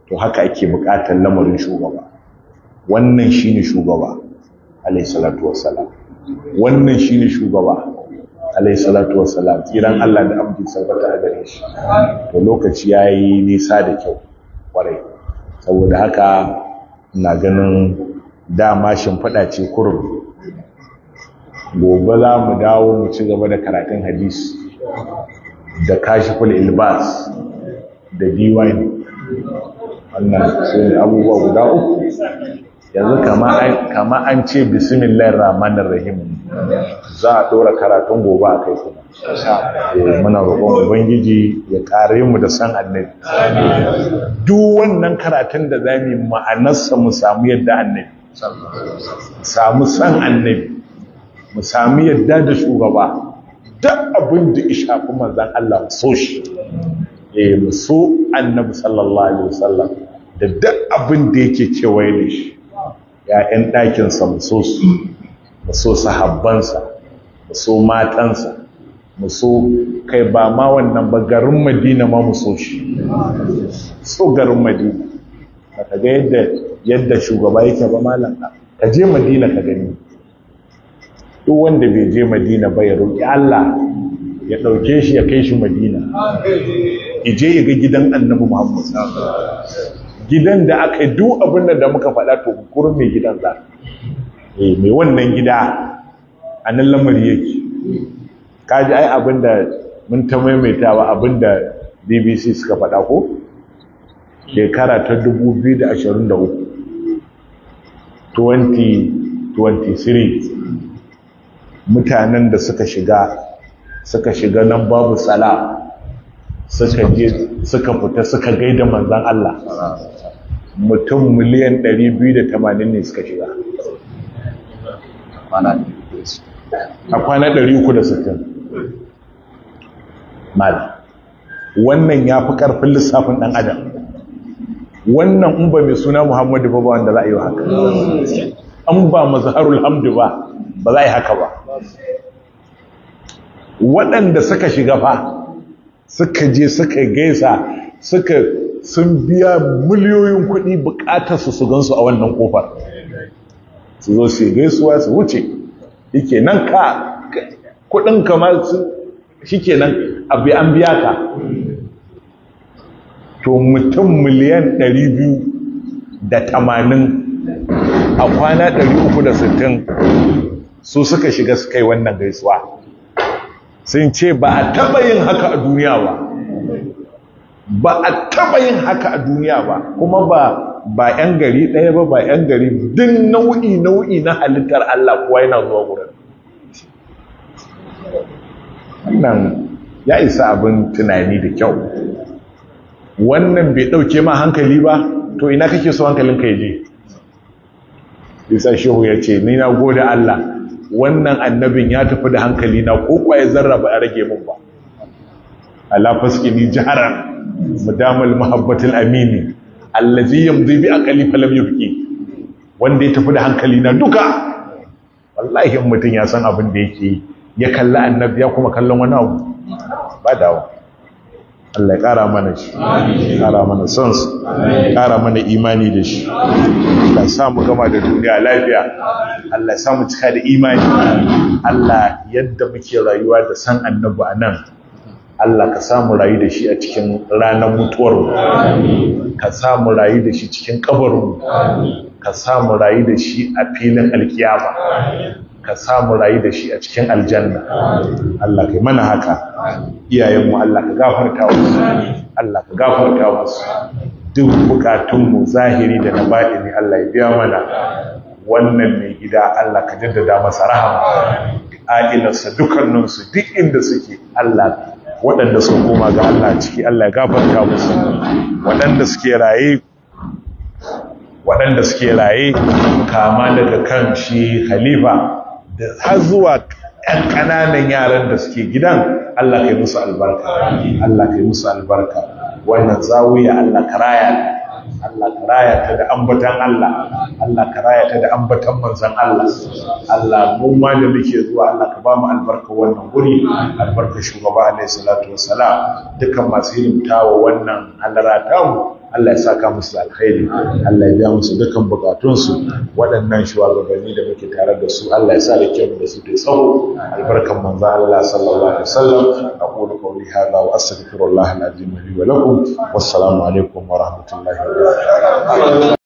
to haka ake bukatar lamarin shugaba wannan shine shugaba alayhi salatu wassalam wannan shine shugaba alayhi salatu wassalam tsiran Allah da abdi sabata a gare shi to lokaci yayi nisa da kyau kwarai saboda haka ina ganin dama shin fada ce kurum gobe za mu dawo mu ci gaba da karatun hadis da kashiful ilbas da diwani wannan su ne abubuwa guda uku yanzu kama an ce bismillahir rahmanir rahim za a ɗora karatun gobe a kai kuma eh, muna roƙon ubangiji ya ƙare mu da san annabi duk wannan karatun da yi ma'anarsa mu samu yadda annabi samu san annabi mu sami yadda da shugaba duk abin da isha kuma zan Allah so shi eh mu annabi sallallahu alaihi wasallam da duk abin da yake cewaye da shi ya'yan ɗakinsa mu so su mu so sahabbansa mu so matansa mu kai ba ma wannan ba garin madina ma mu shi so garin madina ka ga yadda yadda shugaba yake ba malam ka je madina ka gani duk wanda bai je madina ba ya roƙi Allah ya ɗauke shi ya kai shi madina ije ya ga gidan annabi muhammad gidan da aka yi duk abin da muka faɗa to gurin mai gidan za eh mai wannan gida a nan lamari yake kaji ai abin da mun ta maimaitawa abin da bbc suka faɗa ko shekara ta 2023 2023 mutanen da suka shiga suka shiga nan babu tsala suka je suka fita suka gaida manzan Allah mutum miliyan 280 ne suka shiga a kwana 360 mala wannan ya fi ƙarfin lissafin ɗan adam wannan in ba mai suna muhammadu ba wanda za a yi haka an ba mazaharul hamdu ba ba za a yi haka ba waɗanda suka shiga fa suka je suka gaisa suka sun biya miliyoyin kuɗi buƙatar su su gansu a wannan ƙofar su zo su gaisuwa su wuce yake nan ka kuɗin kamar su ke nan abu an biya ka to mutum miliyan ɗari biyu da tamanin, a kwana sittin. su suka shiga su kai wannan gaisuwa sun ce ba a taba yin haka a duniya ba ba a taba yin haka a duniya ba kuma ba ba yan gari ɗaya ba ba yan gari duk nau'i nau'i na halittar Allah kuwa yana zuwa gurin wannan ya isa abin tunani da kyau wannan bai ɗauke ma hankali ba to ina kake so hankalinka ya je isa shehu ya ce ni na gode Allah wannan annabin ya tafi da hankali na ko kwaye zarra ba a rage mun ba ala faskini jaharan mudamal mahabbatul amini allazi yamdi bi aqli falam yubki wanda ya tafi da hankali na duka wallahi in mutum ya san abin da yake ya kalli annabi ya kuma kallon wani abu ba dawo Allah ya ƙara mana shi ƙara mana son ƙara mana imani da shi Allah sa mu gama da duniya lafiya Allah sa mu cika da imani Allah yadda muke rayuwa da san annabi a nan Allah ka samu rayu da shi a cikin ranar mutuwar mu, ka samu rayu da shi cikin kabarin ka mu rayu da shi a filin alkiyama ka samu rayu da shi a cikin aljanna Allah kai mana haka iyayenmu Allah ka gafarta musu Allah ka gafarta musu duk bukatunmu zahiri da na ne Allah ya biya mana wannan mai gida Allah ka jaddada masa rahama a'ilarsa dukkaninsu duk inda suke Allah waɗanda sun koma ga Allah ciki Allah gafarta musu waɗanda suke raye waɗanda suke raye kama daga kan shi khalifa da har zuwa ‘yan ƙananan yaran da suke gidan Allah kai musu albarka Allah kai musu albarka wannan zawiya Allah karaya Allah karaya ta da ambatan Allah Allah karaya ta da ambatan manzan Allah Allah mun ma da muke zuwa Allah ka ba mu albarka wannan guri albarka shugaba alaihi salatu wassalam dukan masu yin hidimtawa wannan halara mu Allah ya saka musu alkhairi Allah ya biya musu dukan bukatunsu waɗannan shugabanni da muke tare da su Allah ya sa da kyau da su da tsawo albarkan manzo Allah sallallahu alaihi wasallam aqulu qawli hadha wa astaghfirullah alazim li wa lakum wassalamu alaikum wa rahmatullahi wa barakatuh